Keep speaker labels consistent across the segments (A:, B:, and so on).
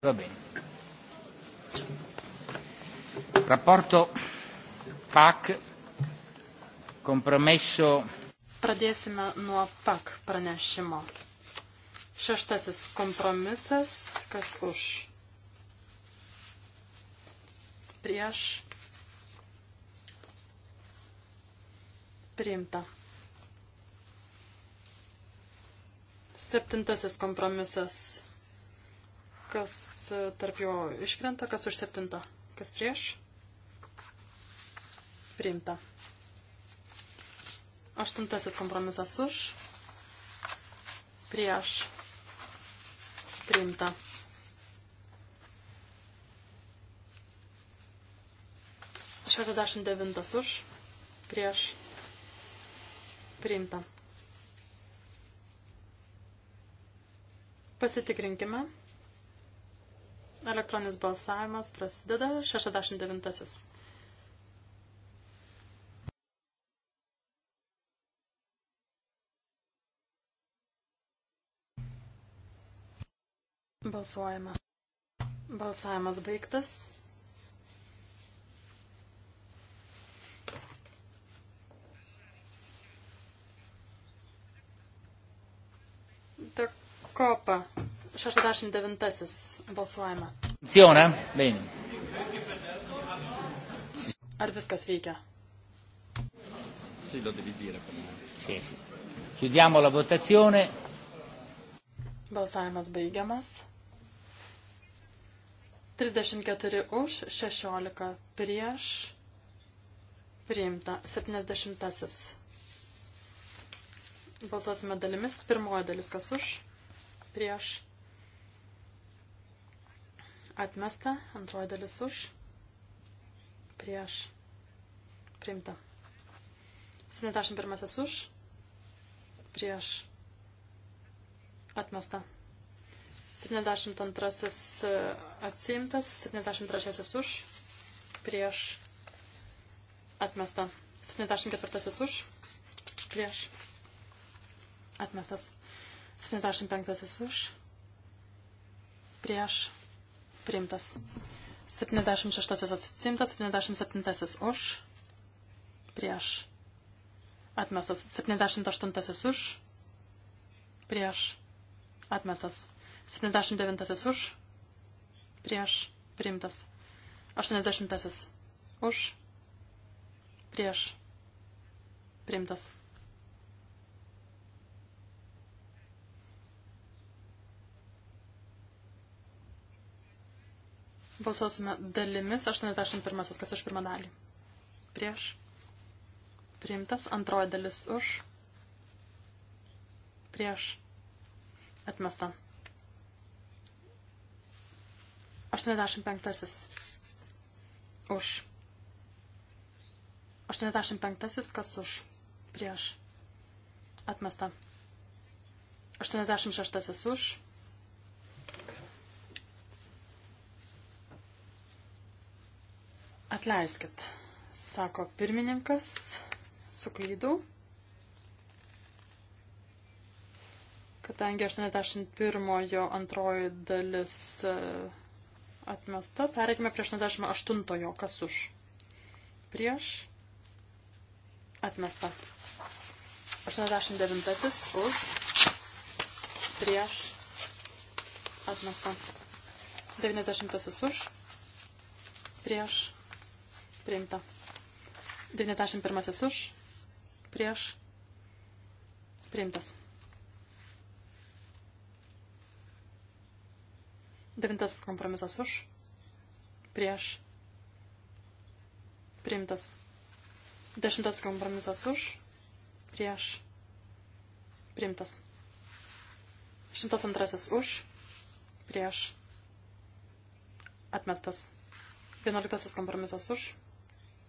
A: Va bene. Rapporto PAC, compromesso.
B: Pradėsime nuo PAC pranešimo. Šeštasis kompromisas, kas už. Prieš. Priimta. Septintasis kompromisas kas e, tarp jo iškrenta, kas už septintą, kas prieš. Priimta. Aštuntasis kompromisas už. Prieš. Priimta. Šešiasdešimt devintas už. Prieš. Priimta. Pasitikrinkime. Elektroninis balsavimas prasideda 69. Balsuojama. Balsavimas baigtas. Ta kopa 69 balsuojame.
A: Sione, eh? bene.
B: Ar viskas veikia?
A: Sì, lo devi dire per me. Sì, sì. Chiudiamo la votazione.
B: Balsavimas baigiamas. 34 už, 16 prieš. Priimta. 70. Balsuosime dalimis. Pirmoji dalis kas už, prieš atmesta, antroji dalis už, prieš, priimta. 71 už, prieš, atmesta. 72 e, atsiimtas, 73 už, prieš, atmesta. 74 už, prieš, atmestas. 75 už, prieš, Priimtas. 76 atsisimtas, 77 už, prieš. Atmestas. 78 už, prieš. Atmestas. 79 už, prieš. Priimtas. 80 už, prieš. Priimtas. Balsuosime dalimis. 81. Kas už pirmą dalį? Prieš. Priimtas. Antroji dalis už. Prieš. Atmesta. 85. Už. 85. Kas už? Prieš. Atmesta. 86. Už Atleiskit, sako pirmininkas, suklydau. Kadangi 81-ojo antroji dalis e, atmesta, pereikime prie 88-ojo, kas už. Prieš atmesta. 89-asis už. Prieš atmesta. 90-asis už. Prieš priimta. 91 už, prieš, priimtas. 9 kompromisas už, prieš, priimtas. 10 kompromisas už, prieš, priimtas. 102 už, prieš, atmestas. 11 kompromisas už,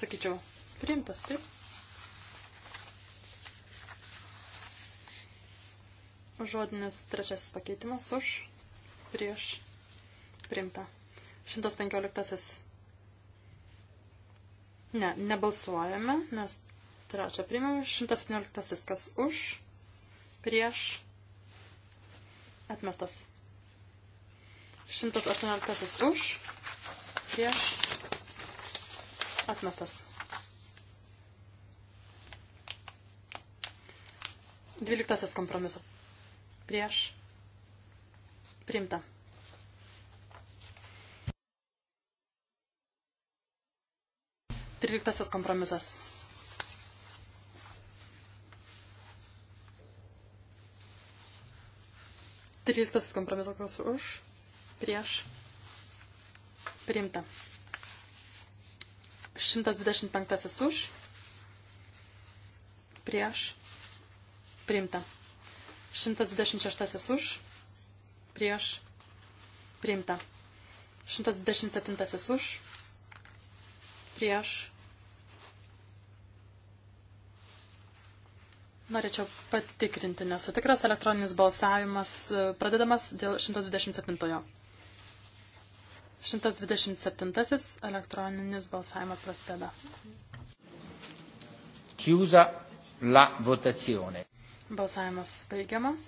B: sakyčiau, priimtas, taip? Žodinis trečiasis pakeitimas už, prieš, priimta. 115. Ne, nebalsuojame, nes trečią priimame. 117. Kas už, prieš, atmestas. 118. Už, prieš, Atmestas. 12 kompromisas. Prieš. Primta. Tryliktasis kompromisas. Tryliktasis kompromisas už, prieš, priimta. 125 už, prieš, priimta. 126 už, prieš, priimta. 127 už, prieš. Norėčiau patikrinti, nesu tikras elektroninis balsavimas e, pradedamas dėl 127. -ojo. 127 elektroninis balsavimas prasideda.
A: Chiusa la votazione.
B: Balsavimas baigiamas.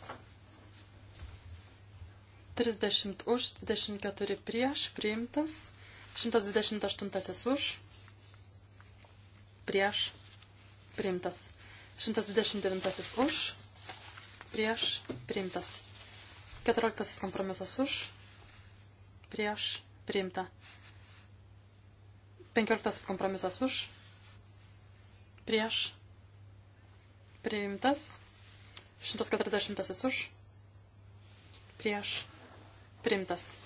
B: 30 už, 24 prieš, priimtas. 128 už, prieš, priimtas. 129 už, prieš, priimtas. 14 kompromisas už, prieš, priimtas priimta. 15 kompromisas už, prieš, priimtas, 140 už, prieš, priimtas,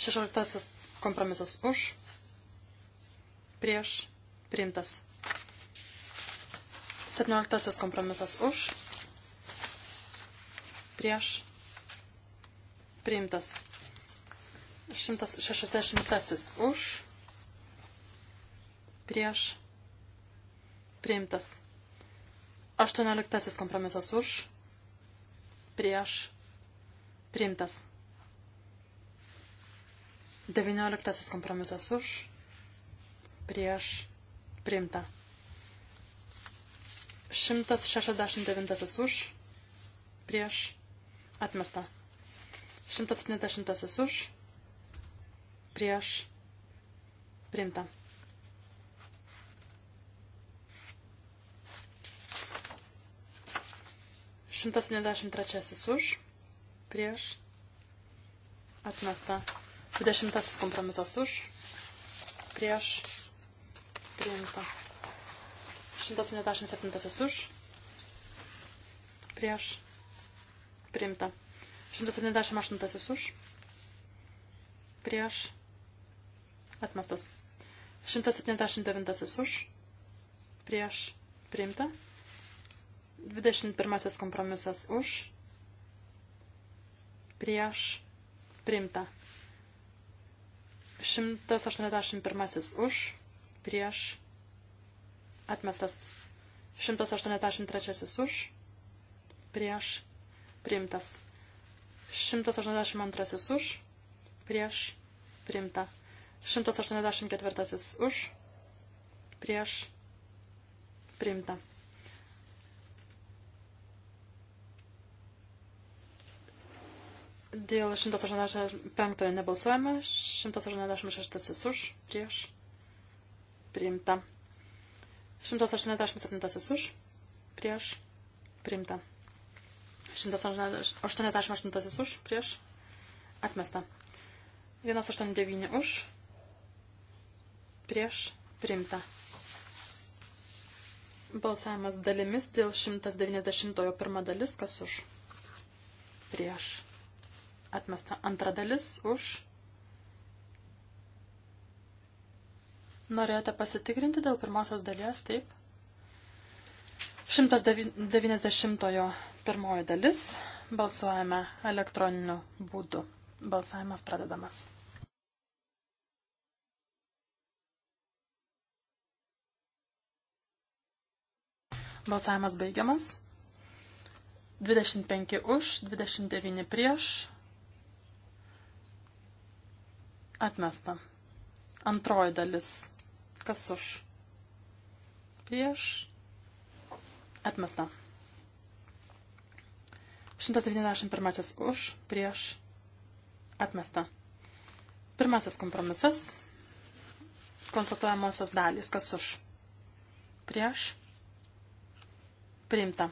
B: 16 kompromisas už, prieš, priimtas, 17 kompromisas už, prieš, priimtas. 160 už, prieš, priimtas. 18 kompromisas už, prieš, priimtas. 19 kompromisas už, prieš, priimta. 169 už, prieš, atmesta. 170 už, prieš primtą. Šimtas septyniasdešimt trečiasis už, prieš, atmesta. Dvidešimtasis kompromisas už, prieš, priimta. Šimtas septyniasdešimt septintasis už, prieš, priimta. Šimtas septyniasdešimt aštuntasis už, prieš, priimta Atmestas. 179 už. Prieš. Priimta. 21 kompromisas už. Prieš. Priimta. 181 už. Prieš. Atmestas. 183 už. Prieš. Priimtas. 182 už. Prieš. Priimta. 184 už, prieš, priimta. Dėl 185 nebalsuojame, 186 už, prieš, priimta. 187 už, prieš, priimta. 188 už, prieš, atmesta. 189 už, prieš primta. Balsavimas dalimis dėl 191 dalis, kas už prieš atmesta antra dalis už. Norėjote pasitikrinti dėl pirmosios dalies, taip? 190 pirmoji dalis balsuojame elektroniniu būdu. Balsavimas pradedamas. Balsavimas baigiamas. 25 už, 29 prieš. Atmesta. Antroji dalis. Kas už? Prieš. Atmesta. 191 už, prieš. Atmesta. Pirmasis kompromisas. Konstatuojamosios dalys. Kas už? Prieš Priimta.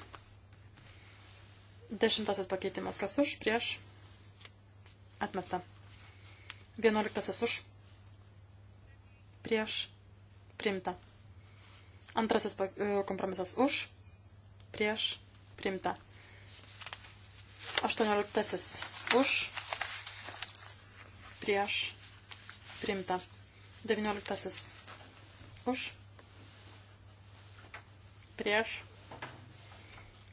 B: Dešimtasis pakeitimas. Kas už? Prieš. Atmesta. Vienuoliktasis už. Prieš. Priimta. Antrasis e, kompromisas už. Prieš. Priimta. Aštuonioliktasis už. Prieš. Priimta. Devynioliktasis už. Prieš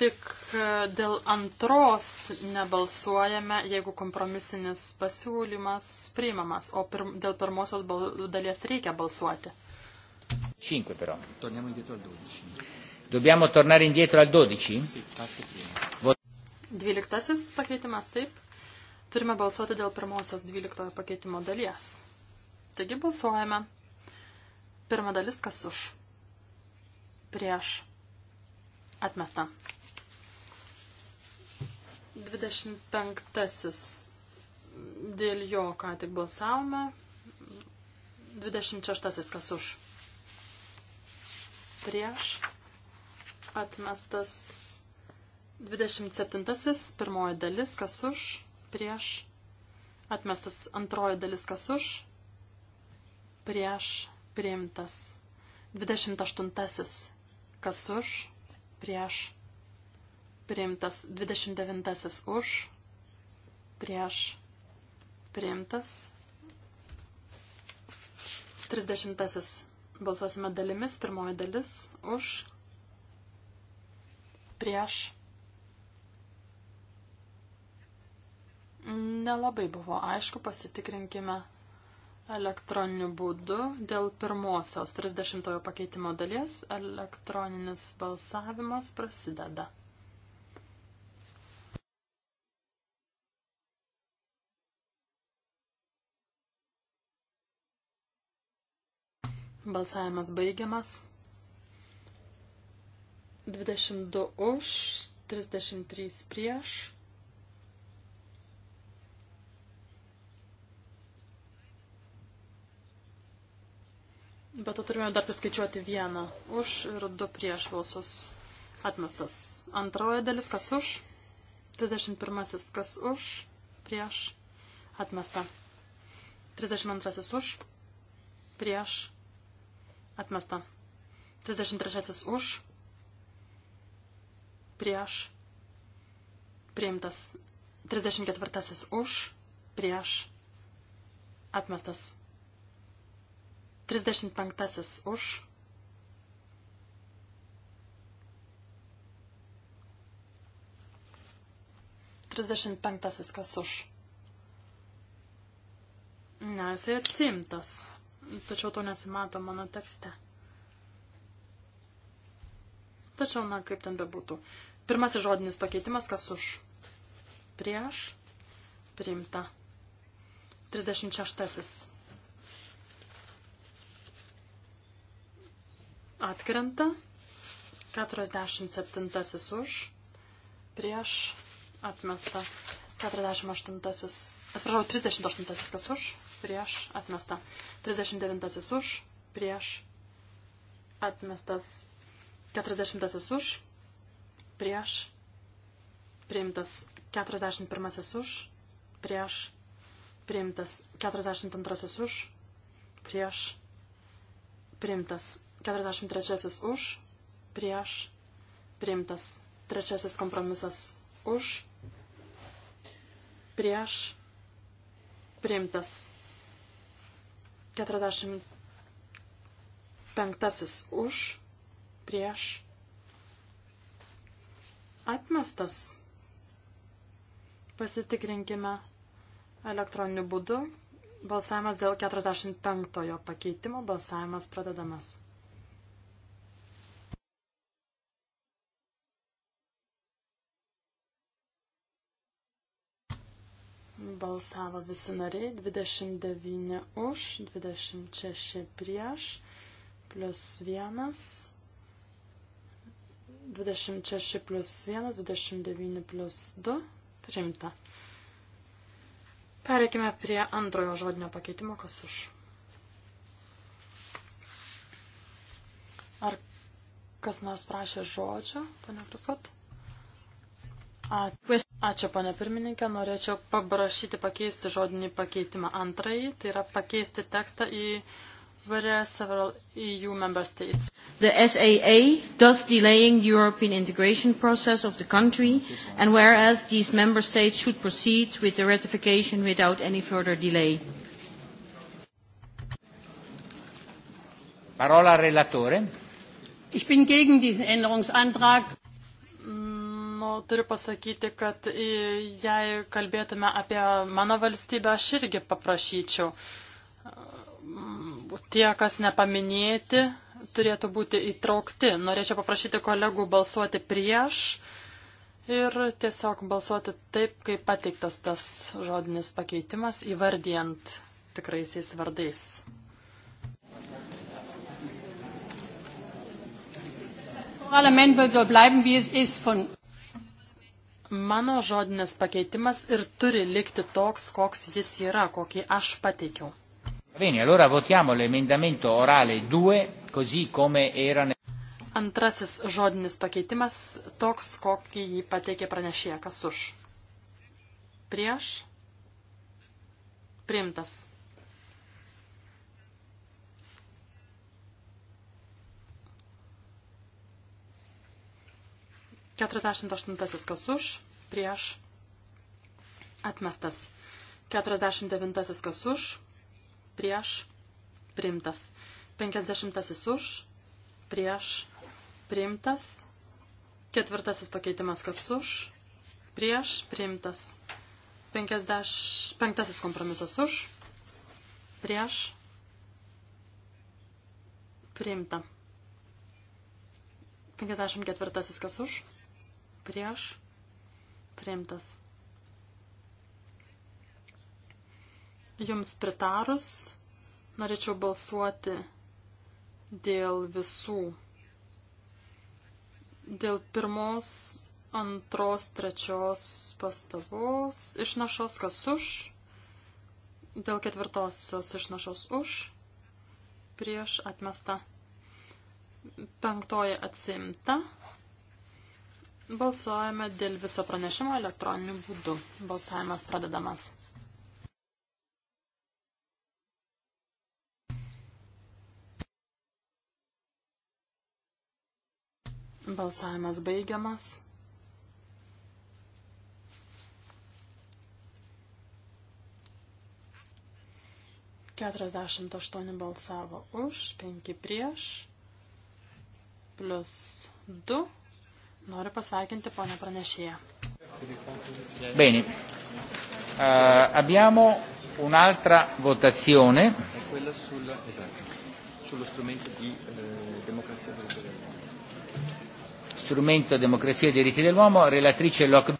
B: Tik e, dėl antros nebalsuojame, jeigu kompromisinis pasiūlymas priimamas, o pirm, dėl pirmosios dalies reikia balsuoti.
A: 5 però. Torniamo indietro al 12. Dobbiamo tornare indietro al 12? Sì,
B: Dvyliktasis pakeitimas, taip. Turime balsuoti dėl pirmosios dvyliktojo pakeitimo dalies. Taigi balsuojame. Pirma dalis kas už. Prieš. Atmesta. 25. Dėl jo ką tik balsavome. 26. Kas už? Prieš. Atmestas. 27. Pirmoji dalis. Kas už? Prieš. Atmestas antroji dalis. Kas už? Prieš. Priimtas. 28. Kas už? Prieš priimtas 29 už, prieš priimtas 30 balsuosime dalimis, pirmoji dalis už, prieš. Nelabai buvo aišku, pasitikrinkime elektroniniu būdu dėl pirmosios 30 pakeitimo dalies elektroninis balsavimas prasideda. Balsavimas baigiamas. 22 už, 33 prieš. Bet to turime dar paskaičiuoti vieną už ir du prieš balsus. Atmestas. Antroji dalis, kas už. 31. kas už. Prieš. Atmesta. 32. už. Prieš Atmesta. 33 už. Prieš. Priimtas. 34 už. Prieš. Atmestas. 35 už. Trisdešimt penktasis kas už. Ne, jisai atsimtas tačiau to nesimato mano tekste. Tačiau, na, kaip ten bebūtų. Pirmasis žodinis pakeitimas, kas už. Prieš. Priimta. 36. Atkrenta. 47 už. Prieš. Atmesta. 48. Atsiprašau, 38 kas už prieš atmesta. 39 už, prieš atmestas. 40 už, prieš priimtas. 41 už, prieš priimtas. 42 už, prieš priimtas. 43 už, prieš priimtas. Trečiasis kompromisas už, prieš priimtas. 45 už, prieš, atmestas. Pasitikrinkime elektroniniu būdu. Balsavimas dėl 45 pakeitimo, balsavimas pradedamas. balsavo visi nariai, 29 už, 26 prieš, plus 1, 26 plus 1, 29 plus 2, priimta. Pereikime prie antrojo žodinio pakeitimo, kas už. Ar kas nors prašė žodžio, ponia Prusot? Ačiū, pane pirmininkė. Norėčiau paprašyti pakeisti žodinį pakeitimą antrąjį, tai yra pakeisti tekstą į where several EU member states.
C: The SAA, thus delaying the European integration process of the country, and whereas these member states should proceed with the ratification without any further delay.
A: Parola relatore.
B: Ich bin gegen diesen Änderungsantrag. Nu, turiu pasakyti, kad jei kalbėtume apie mano valstybę, aš irgi paprašyčiau. Tie, kas nepaminėti, turėtų būti įtraukti. Norėčiau paprašyti kolegų balsuoti prieš ir tiesiog balsuoti taip, kaip pateiktas tas žodinis pakeitimas, įvardijant tikraisiais vardais. Parlament soll bleiben, wie es ist von mano žodinis pakeitimas ir turi likti toks, koks jis yra, kokį aš pateikiau.
A: Bene, allora votiamo l'emendamento orale 2, così come era nel...
B: Antrasis žodinis pakeitimas toks, kokį jį pateikė pranešėja, kas už. Prieš. Primtas. 48 kas už, prieš atmestas. 49 kas už, prieš primtas. 50 už, prieš primtas. Ketvirtasis pakeitimas kas už, prieš primtas. 55 kompromisas už, prieš primta. 54 kas už prieš priimtas. Jums pritarus norėčiau balsuoti dėl visų. Dėl pirmos, antros, trečios pastabos išnašos, kas už. Dėl ketvirtosios išnašos už. Prieš atmesta. Penktoji atsimta. Balsuojame dėl viso pranešimo elektroniniu būdu. Balsavimas pradedamas. Balsavimas baigiamas. Keturiasdešimt aštuoni balsavo už, penki prieš, plus du Noriu pasveikinti ponę pranešėją. Bene.
A: Uh, abbiamo un'altra votazione.
B: Quella sulla, esatto, sullo strumento
A: di eh, democrazia dei diritti dell'uomo. Strumento democrazia e diritti dell'uomo, relatrice Locke.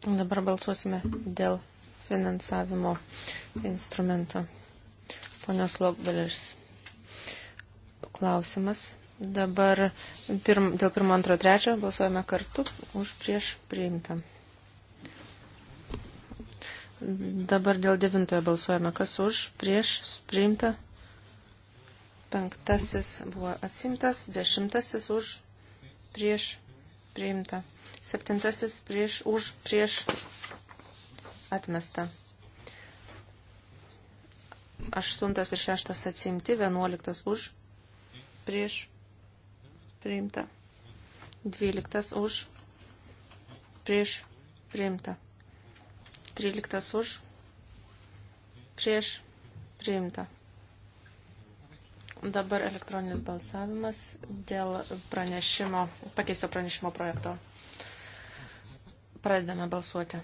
C: Dabar balsuosime dėl finansavimo instrumento. Ponios Lokbelis. Klausimas Dabar pirm, dėl pirmo, antro, trečio balsuojame kartu už prieš priimtą. Dabar dėl devintojo balsuojame kas už prieš priimtą. Penktasis buvo atsimtas, dešimtasis už prieš priimtą. Septintasis prieš, už prieš atmestą. Aštuntas ir šeštas atsimti, vienuoliktas už prieš priimta. 12 už, prieš, priimta. 13 už, prieš, priimta. Dabar elektroninis balsavimas dėl pranešimo, pakeisto pranešimo projekto. Pradedame balsuoti.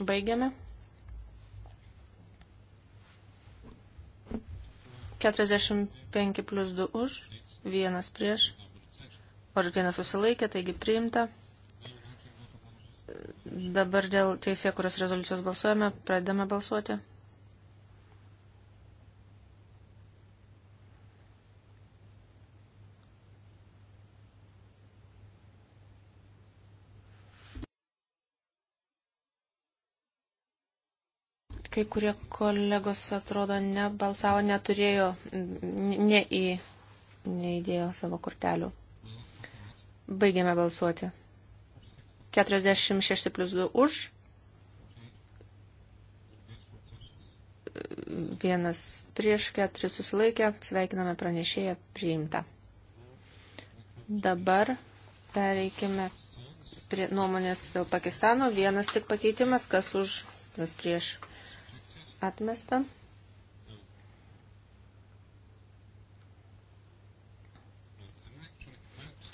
C: Baigiame. 45 plus 2 už, vienas prieš, ar vienas susilaikė, taigi priimta. Dabar dėl teisė, kurios rezoliucijos balsuojame, pradedame balsuoti. Kai kurie kolegos, atrodo, nebalsavo, neturėjo, ne į, neįdėjo savo kortelių. Baigiame balsuoti. 46 plus 2 už. Vienas prieš, keturi susilaikė. Sveikiname pranešėją priimtą. Dabar pereikime prie nuomonės Pakistano. Vienas tik pakeitimas, kas už, kas prieš. Atmesta.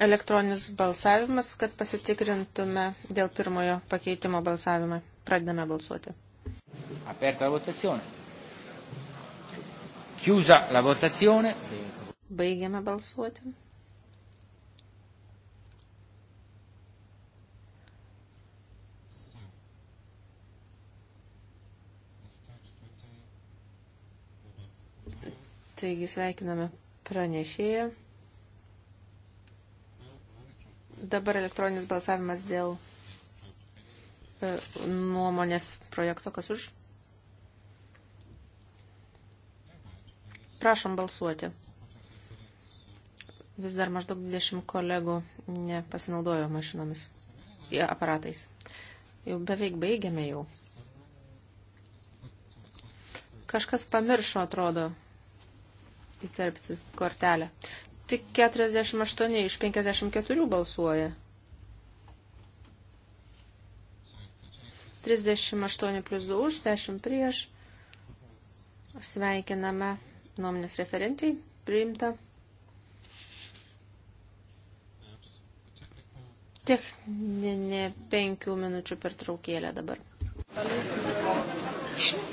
C: Elektroninis balsavimas, kad pasitikrintume dėl pirmojo pakeitimo balsavimą. Pradedame balsuoti.
A: Aperta la votazione. Chiusa la votazione.
C: Baigiame balsuoti. Taigi sveikiname pranešėją. Dabar elektroninis balsavimas dėl e, nuomonės projekto. Kas už? Prašom balsuoti. Vis dar maždaug 20 kolegų nepasinaudojo mašinomis, e, aparatais. Jau beveik baigiame jau. Kažkas pamiršo, atrodo, įterpti kortelę. Tik 48 iš 54 balsuoja. 38 plus 2 už, 10 prieš. Sveikiname nuomonės referentai. Priimta. Techninė penkių minučių pertraukėlė dabar.
A: Thank you.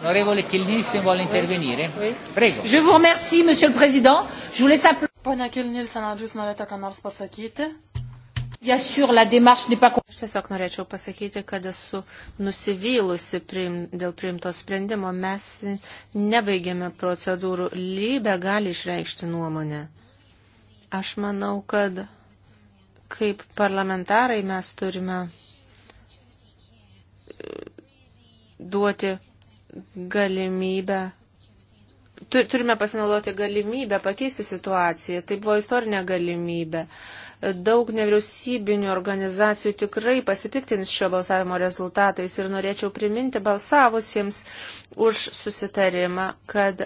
A: Onorevole Kilnilsen vuole intervenire? Prego. Je
B: vous remercie, monsieur le président. Je voulais simplement... Pone Kilnilsen, ar jūs norite ką nors pasakyti? Bien sûr, la démarche n'est pas... Aš tiesiog
C: norėčiau pasakyti, kad esu nusivylusi priim, dėl priimto sprendimo. Mes nebaigėme procedūrų. Lybė gali išreikšti nuomonę. Aš manau, kad kaip parlamentarai mes turime e, duoti galimybę turime pasinaudoti galimybę pakeisti situaciją. Tai buvo istorinė galimybė daug nevyriausybinių organizacijų tikrai pasipiktins šio balsavimo rezultatais ir norėčiau priminti balsavusiems už susitarimą, kad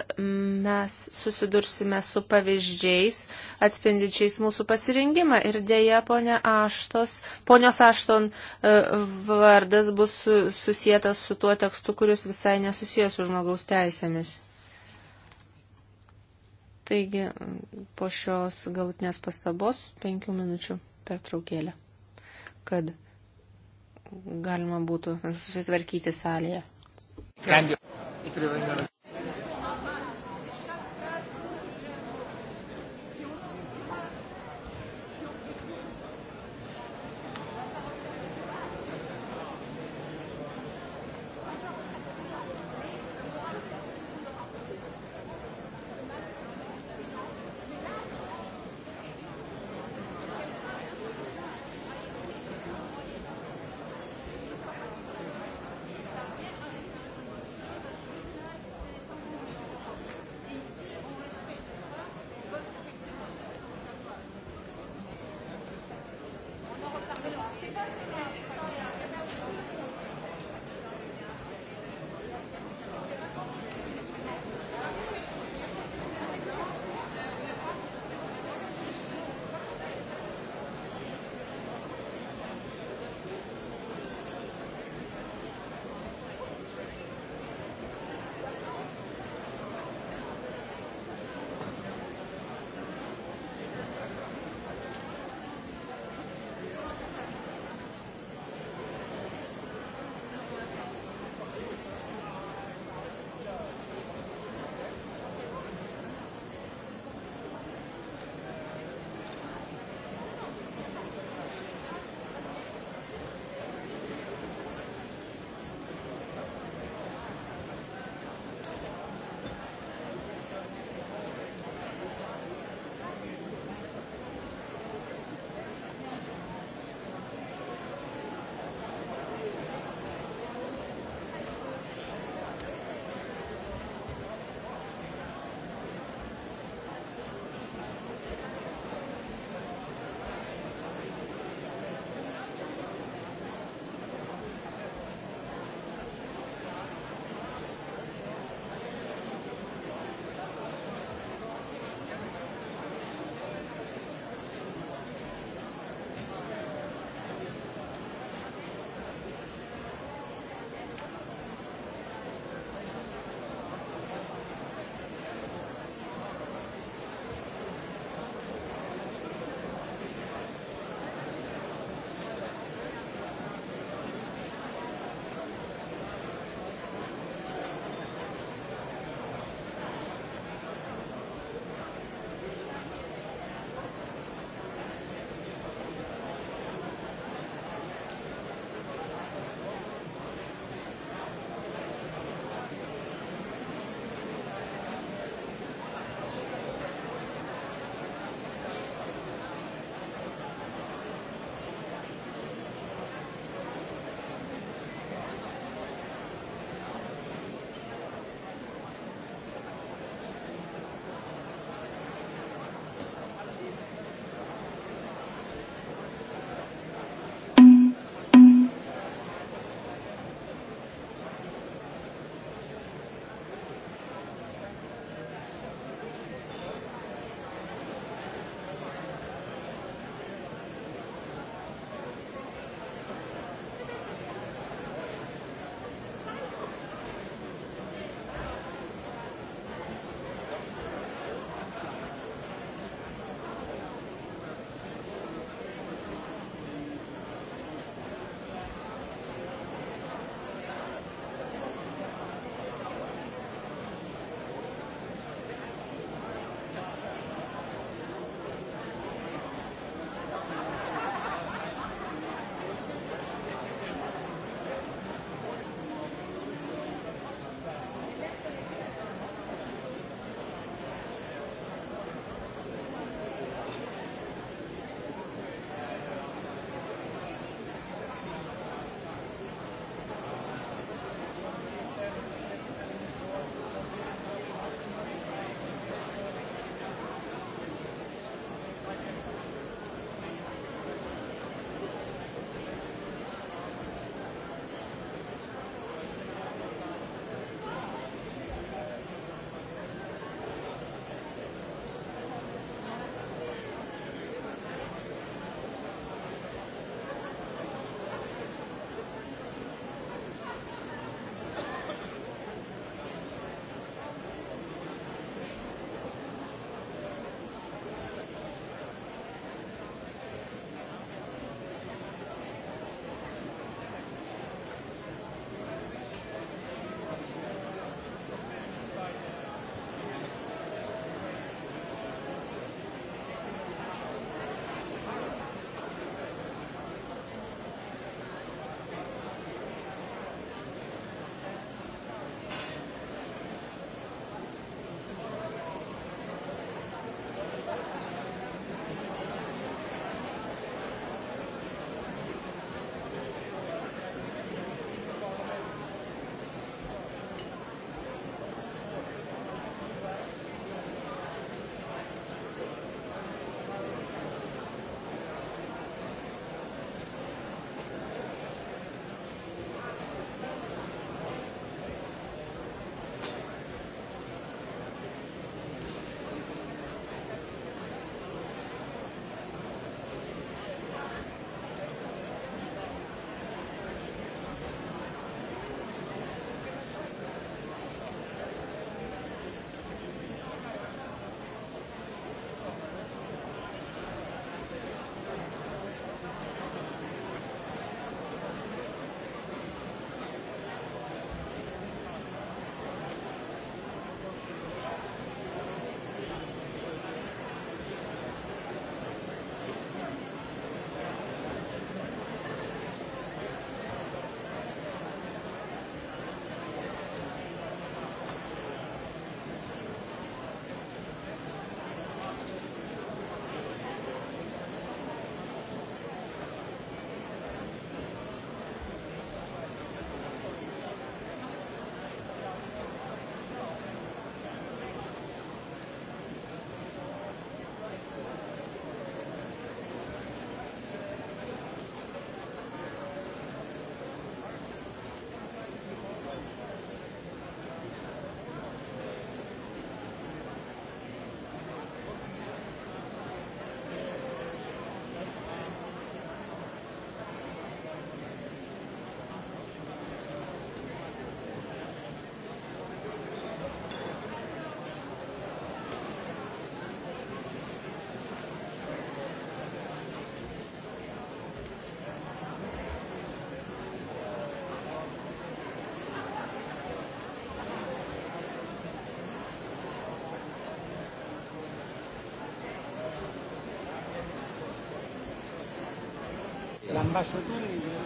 C: mes susidursime su pavyzdžiais atspindičiais mūsų pasirinkimą ir dėja ponia Aštos, ponios Ašton e, vardas bus susijęs su tuo tekstu, kuris visai nesusijęs su žmogaus teisėmis. Taigi po šios galutinės pastabos penkių minučių pertraukėlę, kad galima būtų susitvarkyti salėje.
B: Kandi.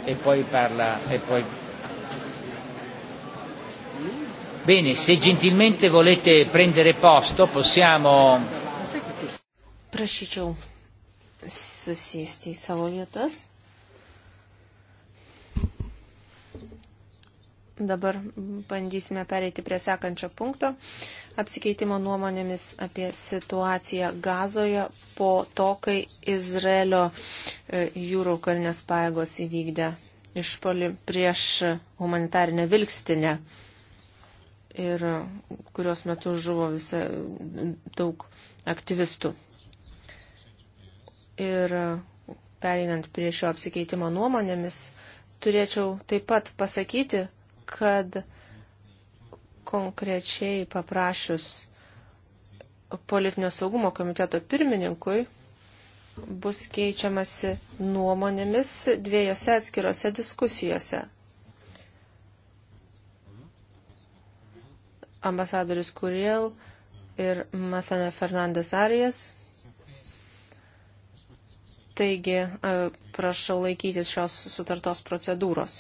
A: e poi parla e poi Bene, se gentilmente volete prendere posto, possiamo
C: Prašyčiau susėsti į savo vietas. Dabar bandysime pereiti prie sekančio punkto - apsikeitimo nuomonėmis apie situaciją Gazoje po to, kai Izraelio uh, E, jūrų karinės paėgos įvykdė išpolį prieš humanitarinę vilkstinę ir kurios metu žuvo visa daug aktyvistų. Ir pereinant prie šio apsikeitimo nuomonėmis, turėčiau taip pat pasakyti, kad konkrečiai paprašius politinio saugumo komiteto pirmininkui bus keičiamasi nuomonėmis dviejose atskirose diskusijose. Ambasadorius Kuriel ir Matane Fernandes Arijas. Taigi, e, prašau laikytis šios sutartos procedūros.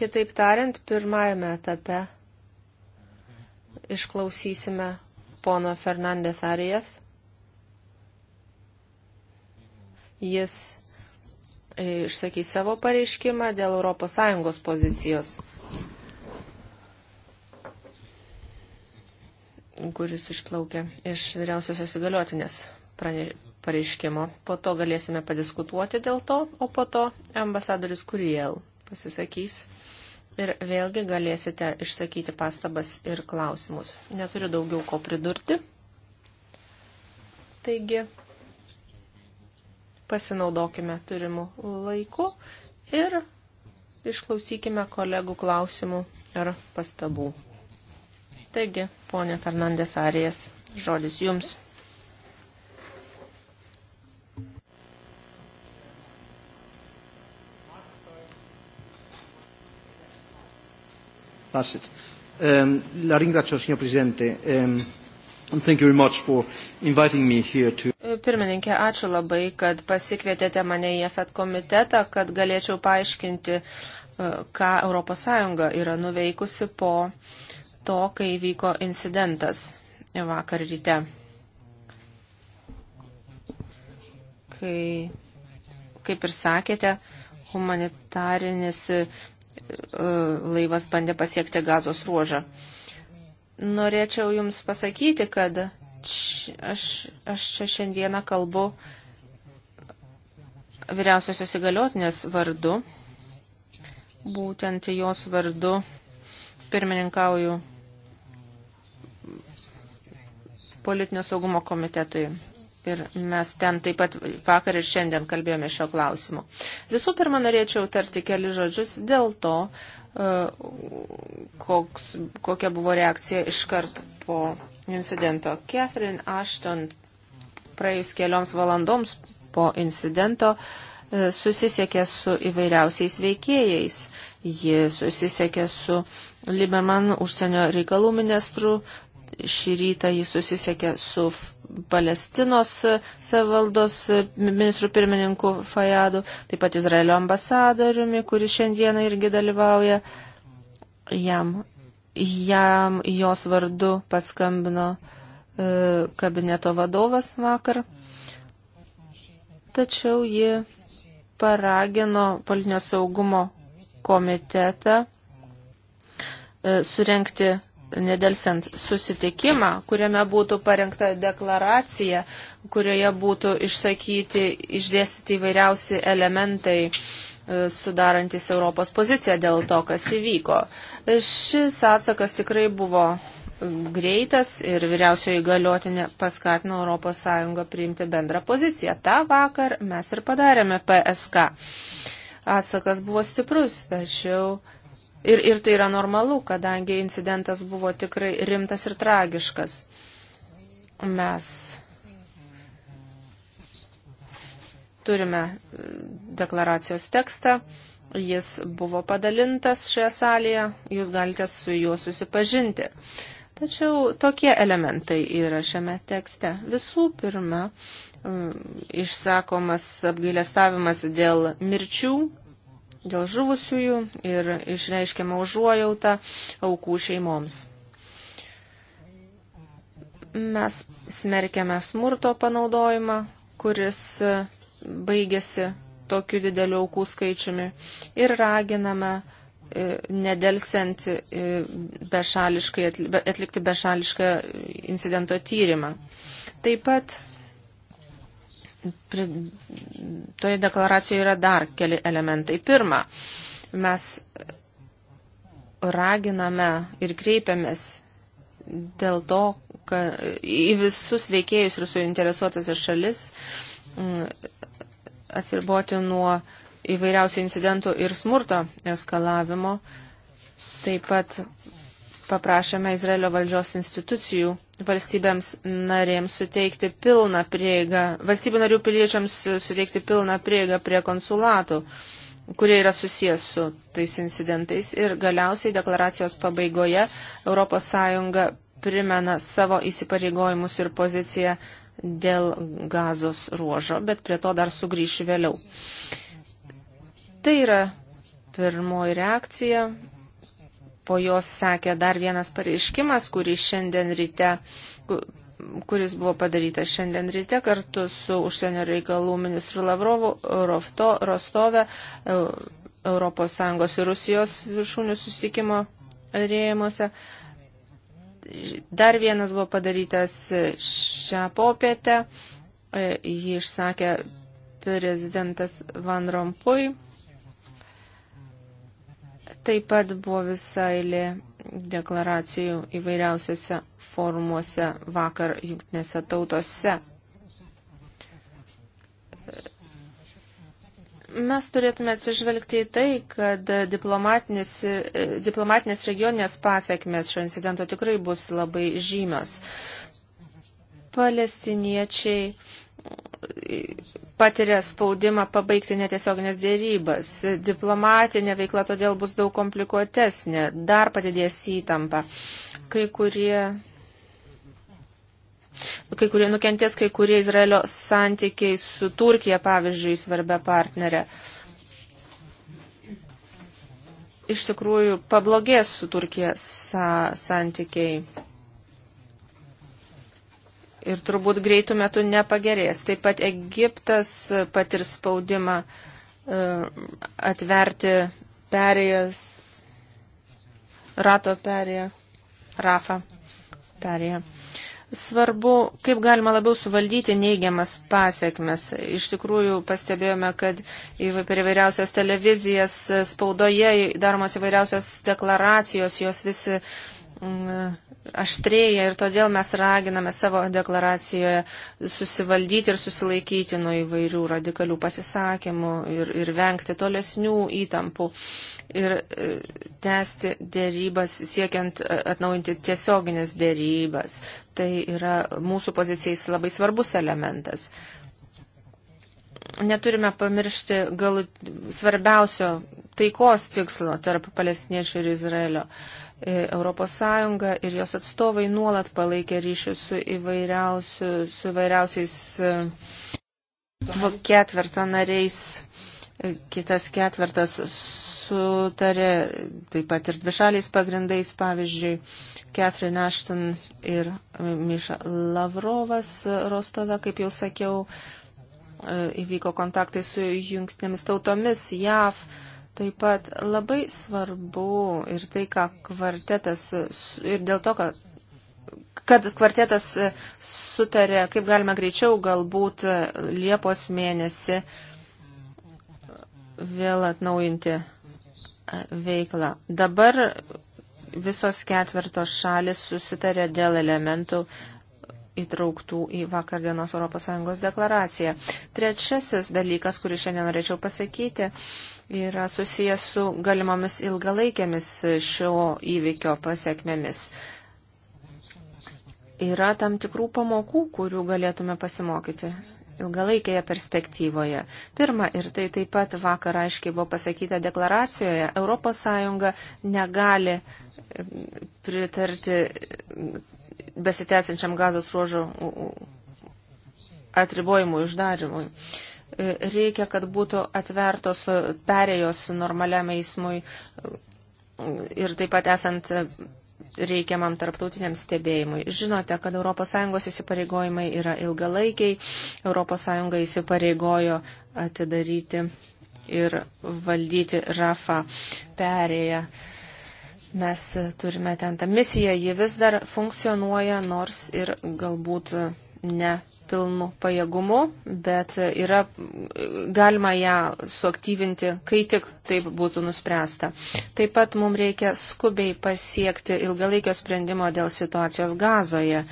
C: Kitaip tariant, pirmajame etape išklausysime pono Fernandės Arijas Jis e, išsakys savo pareiškimą dėl ES pozicijos, kuris išplaukė iš vyriausiosios įgaliotinės pareiškimo. Po to galėsime padiskutuoti dėl to, o po to ambasadorius Kuriel pasisakys ir vėlgi galėsite išsakyti pastabas ir klausimus. Neturiu daugiau ko pridurti. Taigi, Pasinaudokime turimų laiku ir išklausykime kolegų klausimų ar pastabų. Taigi, ponė Fernandės Arijas, žodis jums.
D: Bassett. Um, la ringrazio, signor Presidente. Um, and thank you very much for inviting me here to
C: pirmininkė, ačiū labai, kad pasikvietėte mane į EFET komitetą, kad galėčiau paaiškinti, e, ką ES yra nuveikusi po to, kai vyko incidentas vakar ryte. Kai, kaip ir sakėte, humanitarinis e, laivas bandė pasiekti gazos ruožą. Norėčiau Jums pasakyti, kad či, aš, aš čia šiandieną kalbu vyriausiosios įgaliotinės vardu. Būtent jos vardu pirmininkauju politinio saugumo komitetui. Ir mes ten taip pat vakar ir šiandien kalbėjome šio klausimu. Visų pirma, norėčiau tarti keli žodžius dėl to, e, koks, kokia buvo reakcija iškart po incidento. Catherine Ashton praėjus kelioms valandoms po incidento e, susisiekė su įvairiausiais veikėjais. Ji susisiekė su Liberman užsienio reikalų ministru. Šį rytą ji susisiekė su Palestinos savaldos ministrų pirmininku Fajadu, taip pat Izraelio ambasadoriumi, kuris šiandieną irgi dalyvauja. Jam jam jos vardu paskambino e, kabineto vadovas vakar, tačiau ji paragino politinio saugumo komitetą e, surenkti nedelsiant susitikimą, kuriame būtų parengta deklaracija, kurioje būtų išsakyti, išdėstyti įvairiausi elementai E, sudarantis Europos poziciją dėl to, kas įvyko. Šis atsakas tikrai buvo greitas ir vyriausioji galiotinė paskatino ES priimti bendrą poziciją. Ta vakar mes ir padarėme PSK. Atsakas buvo stiprus, tačiau ir, ir tai yra normalu, kadangi incidentas buvo tikrai rimtas ir tragiškas. Mes Turime e, deklaracijos tekstą. Jis buvo padalintas šioje salėje. Jūs galite su juo susipažinti. Tačiau tokie elementai yra šiame tekste. Visų pirma, e, išsakomas apgailestavimas dėl mirčių, dėl žuvusiųjų ir išreiškiama užuojautą aukų šeimoms. Mes smerkiame smurto panaudojimą, kuris baigėsi tokiu dideliu aukų skaičiumi ir raginame e, nedelsiant e, bešališkai, atlikti bešališką incidento tyrimą. Taip pat toje deklaracijoje yra dar keli elementai. Pirma, mes raginame ir kreipiamės dėl to, kad į visus veikėjus ir suinteresuotas šalis atsiriboti nuo įvairiausių incidentų ir smurto eskalavimo. Taip pat paprašėme Izraelio valdžios institucijų valstybėms narėms suteikti pilną prieigą, valstybių narių piliečiams suteikti pilną prieigą prie konsulatų, kurie yra susijęs su tais incidentais. Ir galiausiai deklaracijos pabaigoje ES primena savo įsipareigojimus ir poziciją dėl gazos ruožo, bet prie to dar sugrįšiu vėliau. Tai yra pirmoji reakcija. Po jos sekė dar vienas pareiškimas, kurį šiandien ryte kuris buvo padarytas šiandien ryte kartu su užsienio reikalų ministru Lavrovu, Rofto, Rostove, ES ir Rusijos viršūnių susitikimo rėmose. Dar vienas buvo padarytas šią popietę. E, jį išsakė prezidentas Van Rompuy. Taip pat buvo visa eilė deklaracijų įvairiausiose formuose vakar jungtinėse tautose. Mes turėtume atsižvelgti į tai, kad diplomatinės, e, diplomatinės regioninės pasiekmes šio incidento tikrai bus labai žymios. Palestiniečiai e, patiria spaudimą pabaigti netiesioginės dėrybas. Diplomatinė veikla todėl bus daug komplikuotesnė, dar padidės įtampa. Kai kurie Kai kurie nukentės, kai kurie Izraelio santykiai su Turkija, pavyzdžiui, svarbia partnerė. Iš tikrųjų, pablogės su Turkija sa santykiai. Ir turbūt greitų metų nepagerės. Taip pat Egiptas patir spaudimą e, atverti perėjas, rato perėjas, Rafa perėjas svarbu, kaip galima labiau suvaldyti neigiamas pasiekmes. Iš tikrųjų, pastebėjome, kad per įvairiausias televizijas, e, spaudoje daromos įvairiausios deklaracijos, jos visi mm, aštrėja ir todėl mes raginame savo deklaracijoje susivaldyti ir susilaikyti nuo įvairių radikalių pasisakymų ir, ir vengti tolesnių įtampų ir e, tęsti dėrybas siekiant e, atnaujinti tiesioginės dėrybas. Tai yra mūsų pozicijais labai svarbus elementas. Neturime pamiršti gal svarbiausio taikos tikslo tarp palestiniečių ir Izraelio. ES ir jos atstovai nuolat palaikė ryšius su, su įvairiausiais e, ketverto nariais. Kitas ketvertas sutarė, taip pat ir dvišaliais pagrindais, pavyzdžiui, Catherine Ashton ir Miša Lavrovas Rostove, kaip jau sakiau, e, įvyko kontaktai su jungtinėmis tautomis JAV. Taip pat labai svarbu ir tai, ką kvartetas, ir dėl to, kad kad kvartetas sutarė, kaip galima greičiau, galbūt Liepos mėnesį vėl atnaujinti veiklą. Dabar visos ketvertos šalis susitarė dėl elementų įtrauktų į vakardienos ES deklaraciją. Trečiasis dalykas, kurį šiandien norėčiau pasakyti, yra susijęs su galimomis ilgalaikėmis šio įvykio pasiekmėmis. Yra tam tikrų pamokų, kurių galėtume pasimokyti ilgalaikėje perspektyvoje. Pirma, ir tai taip pat vakar aiškiai buvo pasakyta deklaracijoje, ES negali e, pritarti besitęsiančiam gazos ruožo atribojimų uždarimui. E, reikia, kad būtų atvertos perėjos normaliam eismui e, ir taip pat esant reikiamam tarptautiniam stebėjimui. Žinote, kad ES įsipareigojimai yra ilgalaikiai. ES įsipareigojo atidaryti ir valdyti Rafa perėją. Mes turime ten tą misiją, ji vis dar funkcionuoja, nors ir galbūt ne pilnu pajėgumu, bet yra galima ją suaktyvinti, kai tik taip būtų nuspręsta. Taip pat mums reikia skubiai pasiekti ilgalaikio sprendimo dėl situacijos gazoje.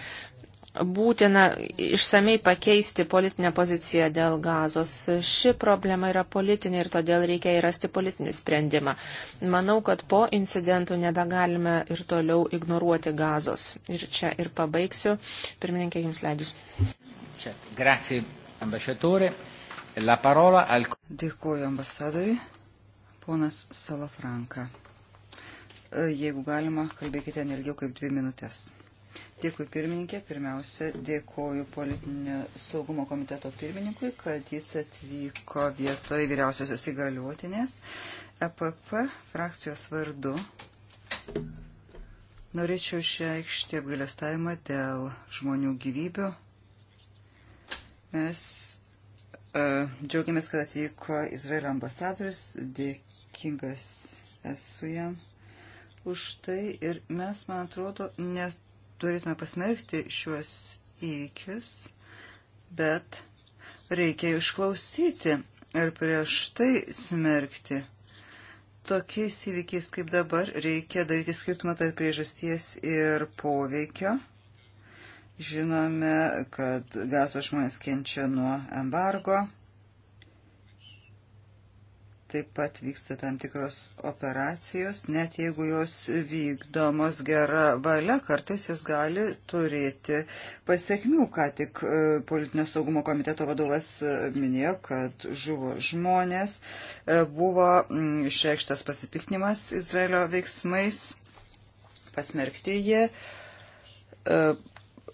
C: Būtina išsamei pakeisti politinę poziciją dėl gazos. Ši problema yra politinė ir todėl reikia įrasti politinį sprendimą. Manau, kad po incidentų nebegalime ir toliau ignoruoti gazos. Ir čia ir pabaigsiu. Pirmininkė, jums leidžiu.
A: Certo. Grazie, ambasciatore. La parola al...
E: Dėkuoju ambasadoriui, ponas Salafranka. E, jeigu galima, kalbėkite nelgiau kaip dvi minutės. Dėkui pirmininkė. Pirmiausia, dėkoju politinio saugumo komiteto pirmininkui, kad jis atvyko vietoj vyriausiosios įgaliuotinės. EPP frakcijos vardu norėčiau išreikšti apgailestavimą dėl žmonių gyvybių Mes uh, džiaugiamės, kad atvyko Izraelio ambasadorius, dėkingas esu jam už tai ir mes, man atrodo, neturėtume pasmerkti šiuos įvykius, bet reikia išklausyti ir prieš tai smerkti. Tokiais įvykiais kaip dabar reikia daryti skirtumą tarp priežasties ir poveikio Žinome, kad gazo žmonės kenčia nuo embargo. Taip pat vyksta tam tikros operacijos, net jeigu jos vykdomos gera valia, kartais jos gali turėti pasiekmių. Ką tik e, politinio saugumo komiteto vadovas e, minėjo, kad žuvo žmonės, e, buvo mm, išreikštas pasipiktinimas Izraelio veiksmais, pasmerkti jie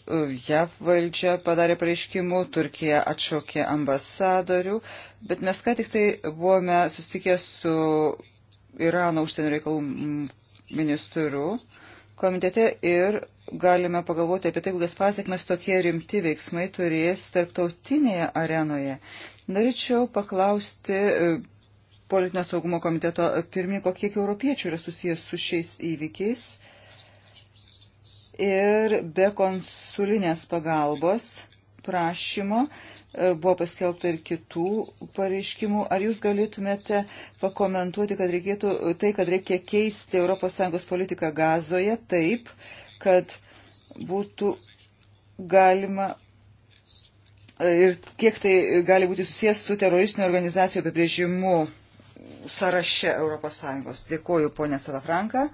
E: JAV valdžia padarė pareiškimų, Turkija atšaukė ambasadorių, bet mes ką tik tai buvome susitikę su Irano užsienio reikalų ministru komitete ir galime pagalvoti apie tai, kokias pasiekmes tokie rimti veiksmai turės tarptautinėje arenoje. Norėčiau paklausti e, politinio saugumo komiteto pirmininko, kiek europiečių yra susijęs su šiais įvykiais ir be konsulinės pagalbos prašymo e, buvo paskelbta ir kitų pareiškimų. Ar jūs galėtumėte pakomentuoti, kad reikėtų tai, kad reikia keisti ES politiką gazoje taip, kad būtų galima e, ir kiek tai gali būti susijęs su teroristinių organizacijų apibrėžimu sąraše ES. Dėkuoju, ponė Salafranka.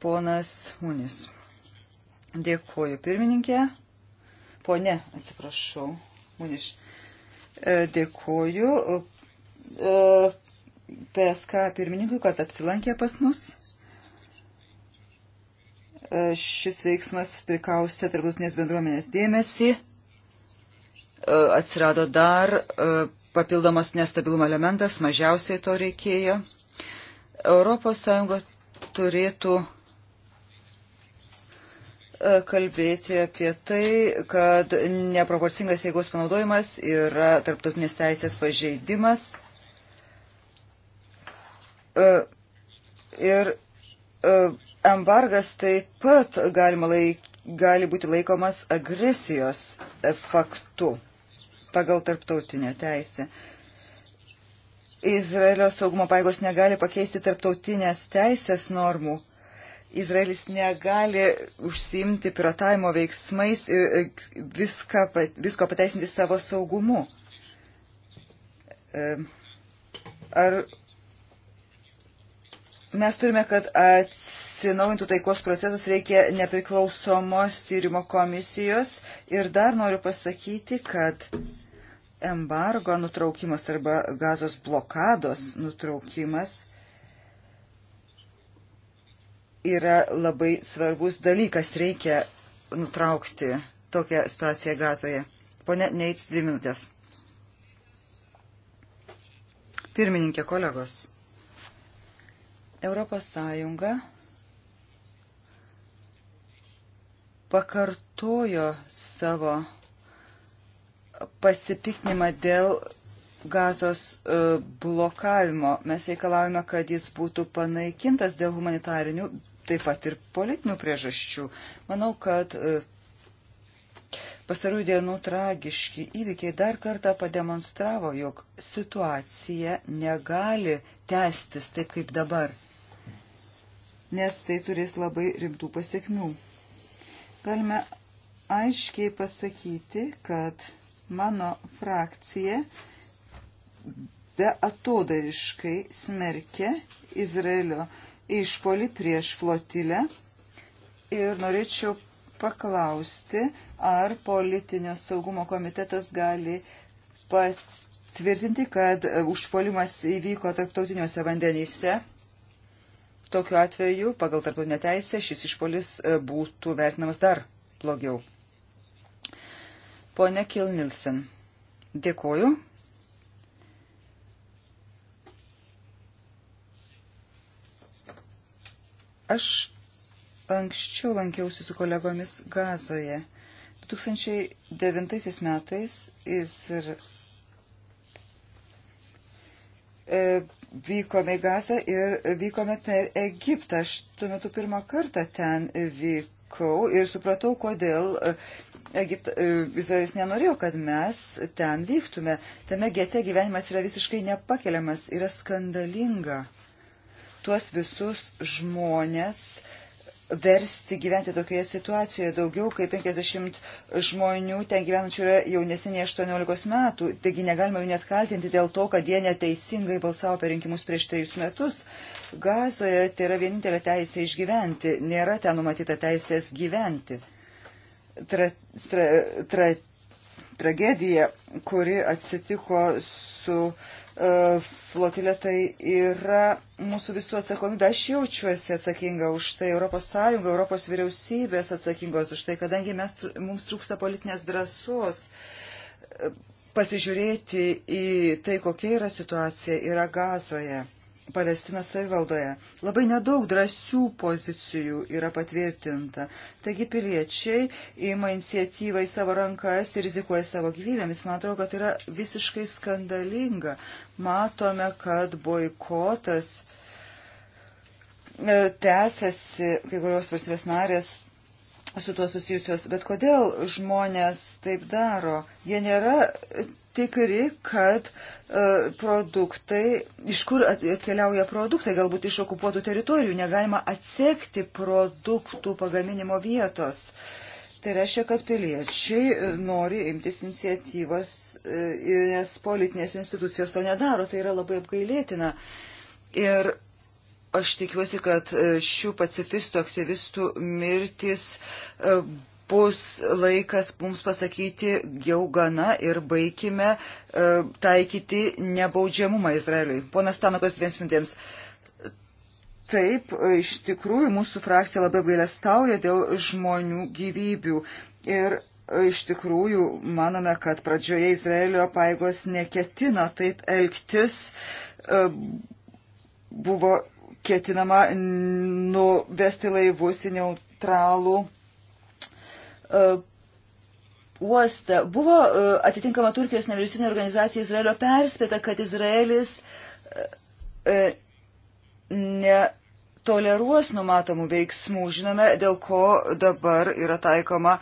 E: ponas Unis. Dėkuoju pirmininkė. Pone, atsiprašau, Unis. E, dėkuoju e, PSK pirmininkui, kad apsilankė pas mus e, šis veiksmas prikaustė tarptautinės bendruomenės dėmesį, atsirado dar papildomas nestabilumo elementas, mažiausiai to reikėjo. ES turėtų kalbėti apie tai, kad neproporcingas jėgos panaudojimas yra tarptautinės teisės pažeidimas. E, ir e, embargas taip pat galima laik, gali būti laikomas agresijos faktu pagal tarptautinę teisę. Izraelio saugumo paėgos negali pakeisti tarptautinės teisės normų Izraelis negali užsimti piratavimo veiksmais ir e, viską, visko pateisinti savo saugumu. E, ar mes turime, kad atsinaujintų taikos procesas reikia nepriklausomos tyrimo komisijos ir dar noriu pasakyti, kad embargo nutraukimas arba gazos blokados nutraukimas yra labai svarbus dalykas. Reikia nutraukti tokią situaciją gazoje. Pone Neits, dvi minutės. Pirmininkė, kolegos. Europos Sąjunga pakartojo savo pasipiknimą dėl gazos e, blokavimo. Mes reikalavome, kad jis būtų panaikintas dėl humanitarinių taip pat ir politinių priežasčių. Manau, kad e, pastarųjų dienų tragiški įvykiai dar kartą pademonstravo, jog situacija negali tęstis taip kaip dabar, nes tai turės labai rimtų pasiekmių. Galime aiškiai pasakyti, kad mano frakcija be atodariškai smerkia Izraelio uh, išpolį prieš flotilę ir norėčiau paklausti, ar politinio saugumo komitetas gali patvirtinti, kad užpolimas įvyko tarptautiniuose vandenyse. Tokiu atveju, pagal tarptautinę teisę, šis išpolis e, būtų vertinamas dar blogiau. Pone Kilnilsen, dėkoju. Aš anksčiau lankiausi su kolegomis Gazoje. 2009 metais jis ir e, vykome į Gazą ir vykome per Egiptą. Aš tuo metu pirmą kartą ten vykau ir supratau, kodėl e, Egipt, e, Izraelis nenorėjo, kad mes ten vyktume. Tame gete gyvenimas yra visiškai nepakeliamas, yra skandalinga tuos visus žmonės versti gyventi tokioje situacijoje. Daugiau kaip 50 žmonių ten gyvenančių yra jaunesnė 18 metų, taigi negalima jų net kaltinti dėl to, kad jie neteisingai balsavo per rinkimus prieš trejus metus. Gazoje tai yra vienintelė teisė išgyventi, nėra ten numatyta teisės gyventi. Tra, tra, tra, tragedija, kuri atsitiko su uh, E, flotilė tai yra mūsų visų atsakomybė. Aš jaučiuosi atsakinga už tai, Europos Sąjunga, Europos vyriausybės atsakingos už tai, kadangi mes, mums trūksta politinės drąsos e, pasižiūrėti į tai, kokia yra situacija yra gazoje. Palestinos savivaldoje. Labai nedaug drąsių pozicijų yra patvirtinta. Taigi piliečiai ima iniciatyvą į savo rankas ir rizikuoja savo gyvybėmis. Man atrodo, kad tai yra visiškai skandalinga. Matome, kad boikotas e, tęsiasi, kai kurios valstybės narės su tuo susijusios. Bet kodėl žmonės taip daro? Jie nėra tikri, kad e, produktai, iš kur atkeliauja produktai, galbūt iš okupuotų teritorijų, negalima atsekti produktų pagaminimo vietos. Tai reiškia, kad piliečiai e, nori imtis iniciatyvos, e, nes politinės institucijos to nedaro, tai yra labai apgailėtina. Ir aš tikiuosi, kad šių pacifistų aktyvistų mirtis pus laikas mums pasakyti jau gana ir baigime e, taikyti nebaudžiamumą Izraeliui. Ponas Tanukas dviems minutėms. Taip, iš tikrųjų, mūsų frakcija labai gailestauja dėl žmonių gyvybių. Ir e, iš tikrųjų, manome, kad pradžioje Izraelio paėgos neketino taip elgtis. E, buvo ketinama nuvesti laivus į neutralų E, uostą. Buvo e, atitinkama Turkijos nevyriausybinė organizacija Izraelio perspėta, kad Izraelis e, netoleruos numatomų veiksmų. Žinome, dėl ko dabar yra taikoma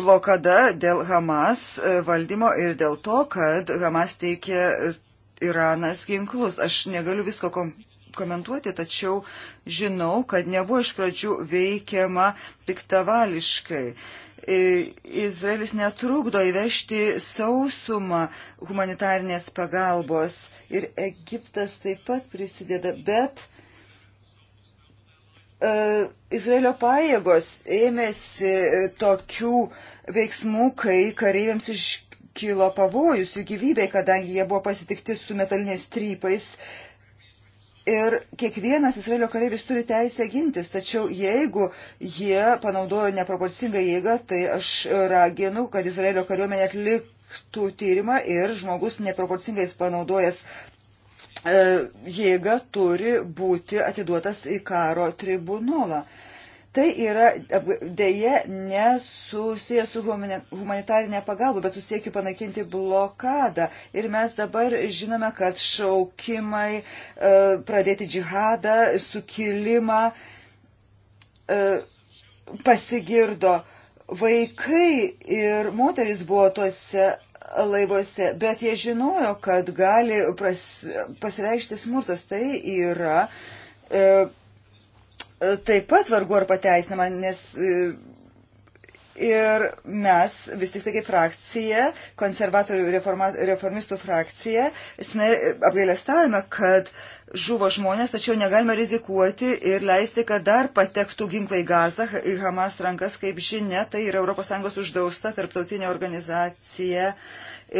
E: blokada dėl Hamas valdymo ir dėl to, kad Hamas teikia Iranas ginklus. Aš negaliu visko kompensuoti komentuoti, tačiau žinau, kad nebuvo iš pradžių veikiama piktavališkai. Izraelis netrukdo įvežti sausumą humanitarnės pagalbos ir Egiptas taip pat prisideda, bet uh, Izraelio pajėgos ėmėsi e, tokių veiksmų, kai kareiviams iš kilo pavojus jų gyvybei, kadangi jie buvo pasitikti su metaliniais trypais Ir kiekvienas Izraelio kareivis turi teisę gintis, tačiau jeigu jie panaudojo neproporcingą jėgą, tai aš raginu, kad Izraelio kariuomenė atliktų tyrimą ir žmogus neproporcingais panaudojęs e, jėgą turi būti atiduotas į karo tribunolą. Tai yra dėje nesusijęs su humanitarinė pagalba, bet susiekiu panaikinti blokadą. Ir mes dabar žinome, kad šaukimai e, pradėti džihadą, sukilimą e, pasigirdo. Vaikai ir moteris buvo tuose laivuose, bet jie žinojo, kad gali pras, pasireikšti smurtas. Tai yra e, taip pat vargu ar pateisinama, nes e, ir mes vis tik tai kaip frakcija, konservatorių reforma, reformistų frakcija, apgailestavime, kad žuvo žmonės, tačiau negalime rizikuoti ir leisti, kad dar patektų ginklai gazą į Hamas rankas, kaip žinia, tai yra ES uždausta tarptautinė organizacija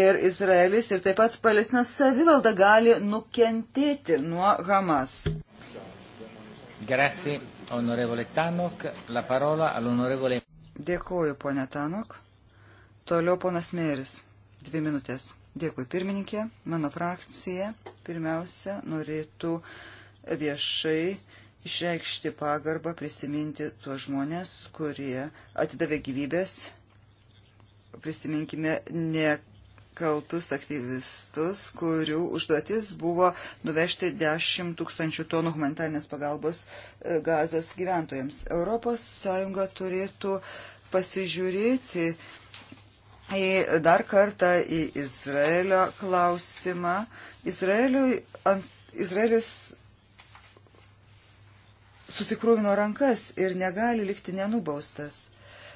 E: ir Izraelis ir taip pat Palestinos savivalda gali nukentėti nuo Hamas.
A: Grazie, onorevole Tanok. La parola all'onorevole.
E: Dėkuoju, ponė Tanok. Toliau ponas Mėris. Dvi minutės. Dėkui, pirmininkė. Mano frakcija pirmiausia norėtų viešai išreikšti pagarbą, prisiminti tuos žmonės, kurie atidavė gyvybės. Prisiminkime ne kaltus aktyvistus, kurių užduotis buvo nuvežti 10 tūkstančių tonų humanitarnės pagalbos e, gazos gyventojams. ES turėtų pasižiūrėti į dar kartą į Izraelio klausimą. Izraeliui, ant, Izraelis susikrūvino rankas ir negali likti nenubaustas.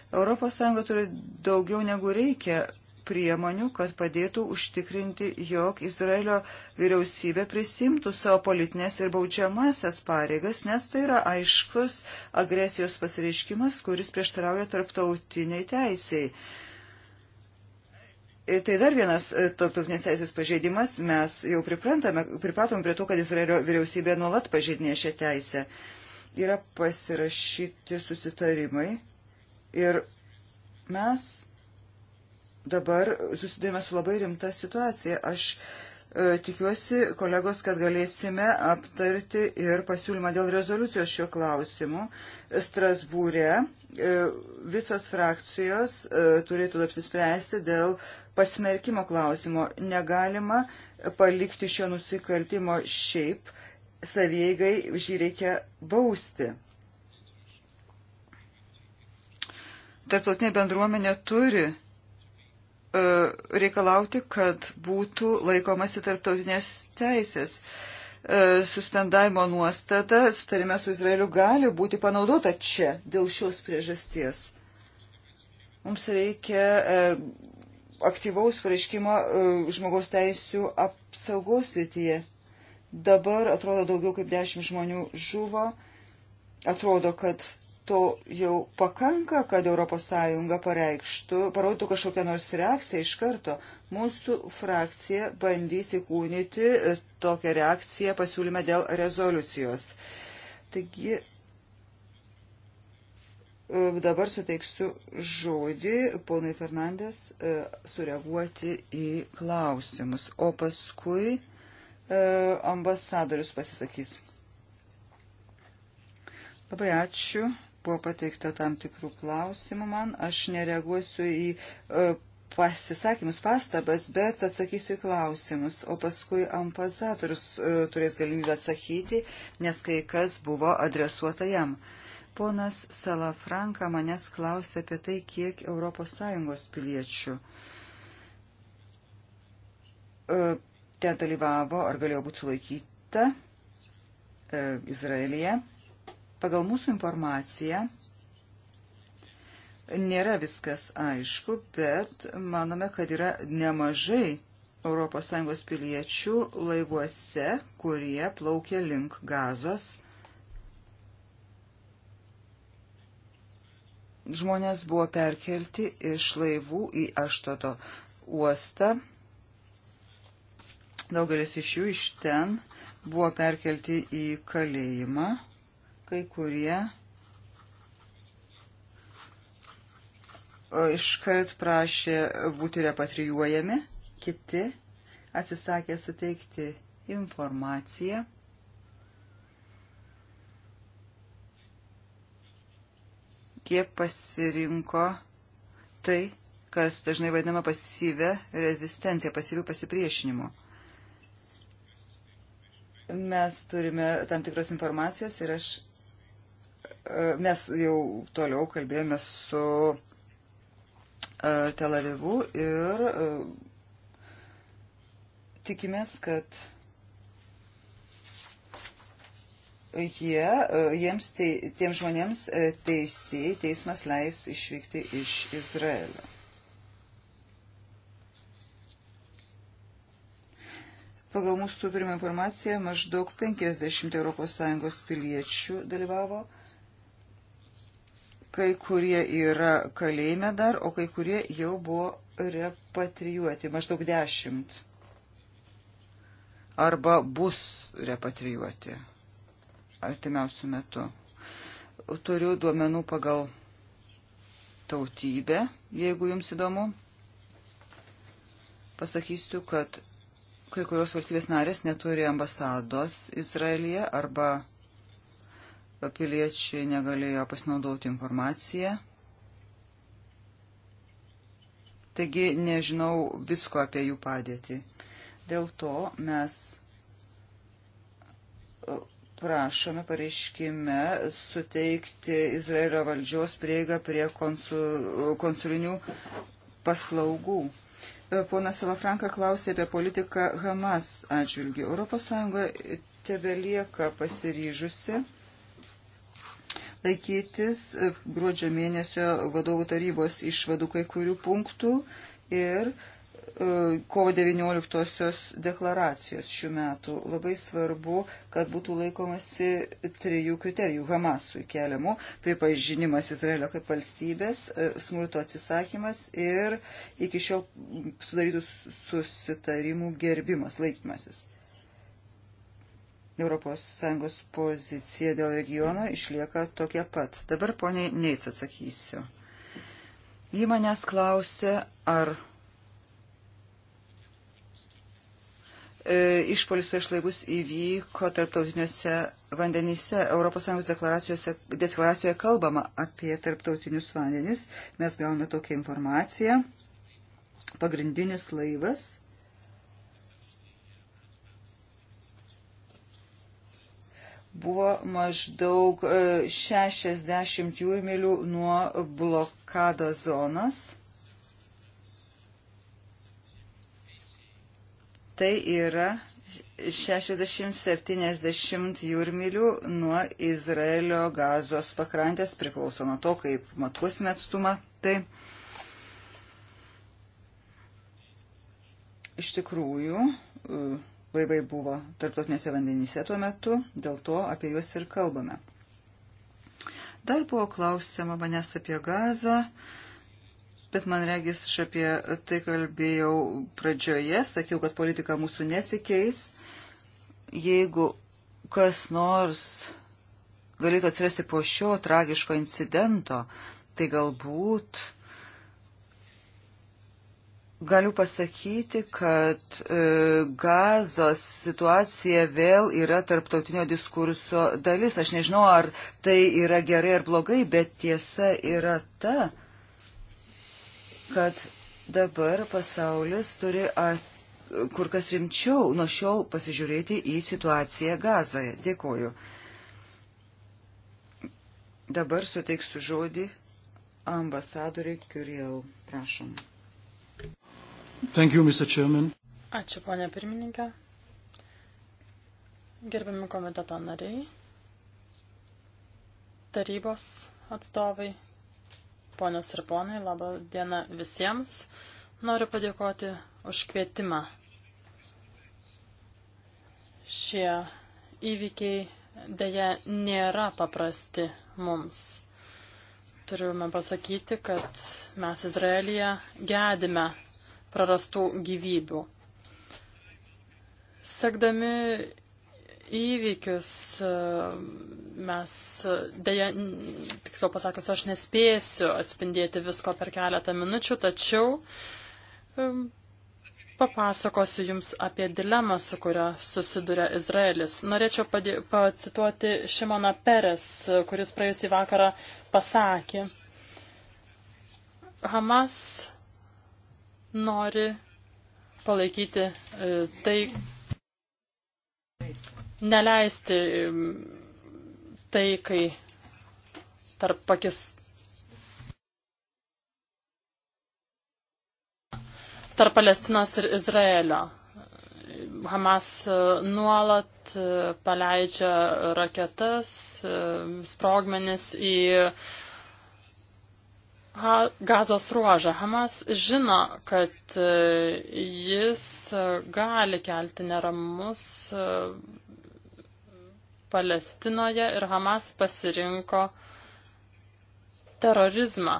E: ES turi daugiau negu reikia priemonių, kad padėtų užtikrinti, jog Izraelio vyriausybė prisimtų savo politinės ir baudžiamasias pareigas, nes tai yra aiškus agresijos pasireiškimas, kuris prieštarauja tarptautiniai teisėjai. Tai dar vienas e, tarptautinės teisės pažeidimas. Mes jau pripratom prie to, kad Izraelio vyriausybė nuolat pažeidinė šią teisę. Yra pasirašyti susitarimai ir mes dabar susidurime su labai rimta situacija. Aš e, tikiuosi, kolegos, kad galėsime aptarti ir pasiūlymą dėl rezoliucijos šio klausimu. Strasbūre e, visos frakcijos e, turėtų apsispręsti dėl pasmerkimo klausimo. Negalima palikti šio nusikaltimo šiaip savieigai, už jį reikia bausti. Tarptautinė bendruomenė turi E, reikalauti, kad būtų laikomasi tarptautinės teisės. E, suspendavimo nuostata, sutarime su Izraeliu, gali būti panaudota čia dėl šios priežasties. Mums reikia e, aktyvaus pareiškimo žmogaus teisų apsaugos rytyje. Dabar atrodo daugiau kaip dešimt žmonių žuvo. Atrodo, kad to jau pakanka, kad ES pareikštų, parodytų kažkokią nors reakciją iš karto. Mūsų frakcija bandys įkūnyti e, tokią reakciją pasiūlyme dėl rezoliucijos. Taigi e, dabar suteiksiu žodį ponui Fernandės e, sureaguoti į klausimus, o paskui ambasadorius pasisakys. Labai ačiū, Buvo pateikta tam tikrų klausimų man. Aš nereaguosiu į e, pasisakymus, pastabas, bet atsakysiu į klausimus, o paskui ambasadorius e, turės galimybę atsakyti, nes kai kas buvo adresuota jam. Ponas Salafranka manęs klausė apie tai, kiek ES piliečių e, ten dalyvavo ar galėjo būti sulaikyta Izraelyje. Pagal mūsų informaciją nėra viskas aišku, bet manome, kad yra nemažai ES piliečių laivuose, kurie plaukia link gazos. Žmonės buvo perkelti iš laivų į Aštoto uostą. Daugelis iš jų iš ten buvo perkelti į kalėjimą kai kurie e, iškart prašė būti repatrijuojami, kiti atsisakė suteikti informaciją. Jie pasirinko tai, kas dažnai vadinama pasyvę rezistenciją, pasyvių pasipriešinimu. Mes turime tam tikros informacijos ir aš E, mes jau toliau kalbėjome su e, Tel Avivu ir e, tikimės, kad jie, jiems, te, tiems žmonėms teisėjai, teismas leis išvykti iš Izraelio. Pagal mūsų turimą informaciją, maždaug 50 ES piliečių dalyvavo Kai kurie yra kalėjime dar, o kai kurie jau buvo repatrijuoti, maždaug dešimt. Arba bus repatrijuoti artimiausių metų. Turiu duomenų pagal tautybę, jeigu jums įdomu. Pasakysiu, kad kai kurios valstybės narės neturi ambasados Izraelyje arba piliečiai negalėjo pasinaudoti informaciją. Taigi nežinau visko apie jų padėtį. Dėl to mes e, prašome pareiškime suteikti Izraelio valdžios prieigą prie konsul, konsulinių paslaugų. E, ponas Salafranka klausė apie politiką Hamas atžvilgių. ES tebe lieka pasiryžusi laikytis e, gruodžio mėnesio vadovų tarybos išvadų kai kurių punktų ir e, kovo 19-osios deklaracijos šių metų. Labai svarbu, kad būtų laikomasi trijų kriterijų Hamasui keliamų - pripažinimas Izraelio kaip valstybės, e, smurto atsisakymas ir iki šiol sudarytų susitarimų gerbimas, laikymasis. ES pozicija dėl regiono išlieka tokia pat. Dabar poniai Neits atsakysiu. Ji manęs klausė, ar e, išpolis prieš laivus įvyko tarptautiniuose vandenyse. ES deklaracijoje kalbama apie tarptautinius vandenis. Mes gavome tokią informaciją. Pagrindinis laivas buvo maždaug 60 e, jūrmilių nuo blokado zonos. Tai yra 60-70 jūrmilių nuo Izraelio gazos pakrantės, priklauso nuo to, kaip matuosime atstumą. Tai iš tikrųjų e, laivai buvo tarptautinėse vandenyse tuo metu, dėl to apie juos ir kalbame. Dar buvo klausima manęs apie gazą, bet man regis aš apie tai kalbėjau pradžioje, sakiau, kad politika mūsų nesikeis. Jeigu kas nors galėtų atsirasti po šio tragiško incidento, tai galbūt Galiu pasakyti, kad e, gazos situacija vėl yra tarptautinio diskurso dalis. Aš nežinau, ar tai yra gerai ar blogai, bet tiesa yra ta, kad dabar pasaulis turi at, kur kas rimčiau nuo šiol pasižiūrėti į situaciją gazoje. Dėkoju. Dabar suteiksiu žodį ambasadoriui Kiriel.
F: Prašom. Thank you, Mr. Chairman.
B: Ačiū, ponė pirmininkė. Gerbiami komiteto nariai, tarybos atstovai, ponios ir ponai, laba diena visiems. Noriu padėkoti už kvietimą. Šie įvykiai dėja nėra paprasti mums. Turime pasakyti, kad mes Izraelyje gedime prarastų gyvybių. Sekdami įvykius e, mes, dėja, tiksliau pasakius, aš nespėsiu atspindėti visko per keletą minučių, tačiau e, papasakosiu Jums apie dilemą, su kuria susiduria Izraelis. Norėčiau padė, pacituoti Šimoną Peres, kuris praėjusį vakarą pasakė. Hamas nori palaikyti e, tai, neleisti tai, kai tarp pakis. Tarp Palestinos ir Izraelio. Hamas e, nuolat e, paleidžia raketas, sprogmenis į uh, ha, gazos ruožą. Hamas žino, kad e, jis e, gali kelti neramus e, Palestinoje ir Hamas pasirinko terorizmą.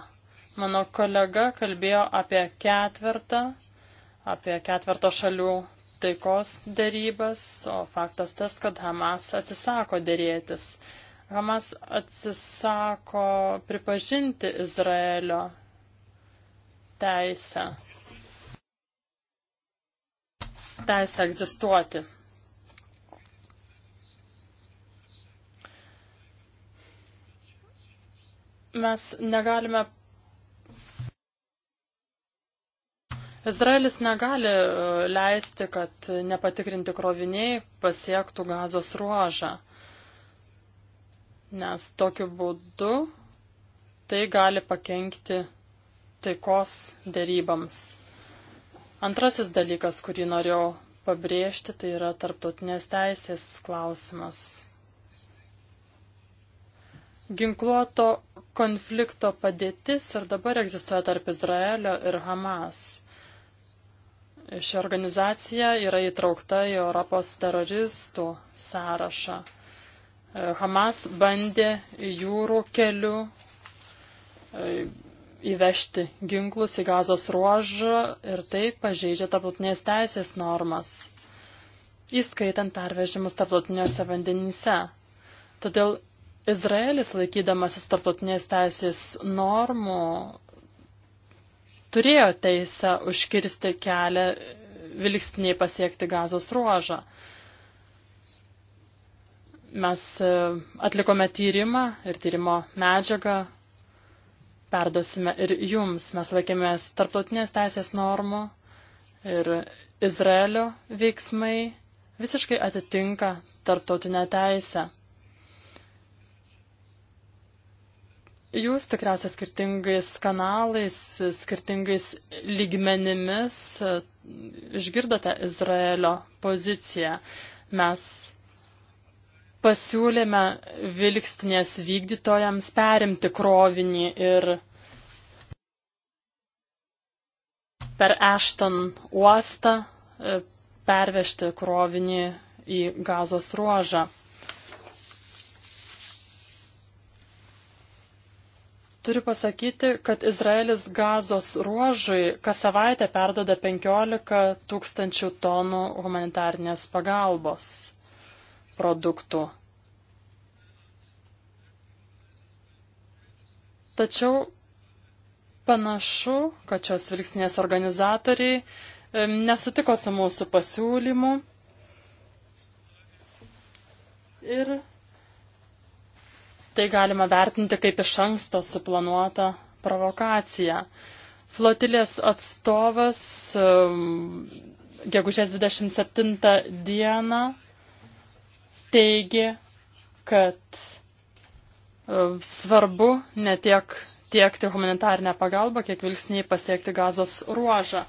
B: Mano kolega kalbėjo apie ketvertą, apie ketverto šalių taikos dėrybas, o faktas tas, kad Hamas atsisako dėrėtis. Hamas atsisako pripažinti Izraelio teisę. Teisę egzistuoti. Mes negalime. Izraelis negali e, leisti, kad nepatikrinti kroviniai pasiektų gazos ruožą nes tokiu būdu tai gali pakenkti taikos dėrybams. Antrasis dalykas, kurį norėjau pabrėžti, tai yra tarptautinės teisės klausimas. Ginkluoto konflikto padėtis ir dabar egzistuoja tarp Izraelio ir Hamas. Ši organizacija yra įtraukta į Europos teroristų sąrašą. Hamas bandė jūrų keliu e, įvežti ginklus į gazos ruožą ir tai pažeidžia tarptautinės teisės normas, įskaitant pervežimus tarptautiniuose vandenyse. Todėl Izraelis laikydamasis tarptautinės teisės normų turėjo teisę užkirsti kelią vilkstiniai pasiekti gazos ruožą. Mes e, atlikome tyrimą ir tyrimo medžiagą perdosime ir jums. Mes laikėmės tarptautinės teisės normų ir Izraelio veiksmai visiškai atitinka tarptautinę teisę. Jūs tikriausiai skirtingais kanalais, skirtingais lygmenimis e, išgirdote Izraelio poziciją. Mes pasiūlėme vilkstinės vykdytojams perimti krovinį ir per Ešton uostą e, pervežti krovinį į gazos ruožą. Turiu pasakyti, kad Izraelis gazos ruožui kas savaitę perdoda 15 tūkstančių tonų humanitarnės pagalbos produktų. Tačiau panašu, kad šios vilksnės organizatoriai nesutiko su mūsų pasiūlymu ir tai galima vertinti kaip iš anksto suplanuotą provokaciją. Flotilės atstovas gegužės 27 dieną teigė, kad e, svarbu ne tiek tiekti humanitarinę pagalbą, kiek vilksniai pasiekti gazos ruožą.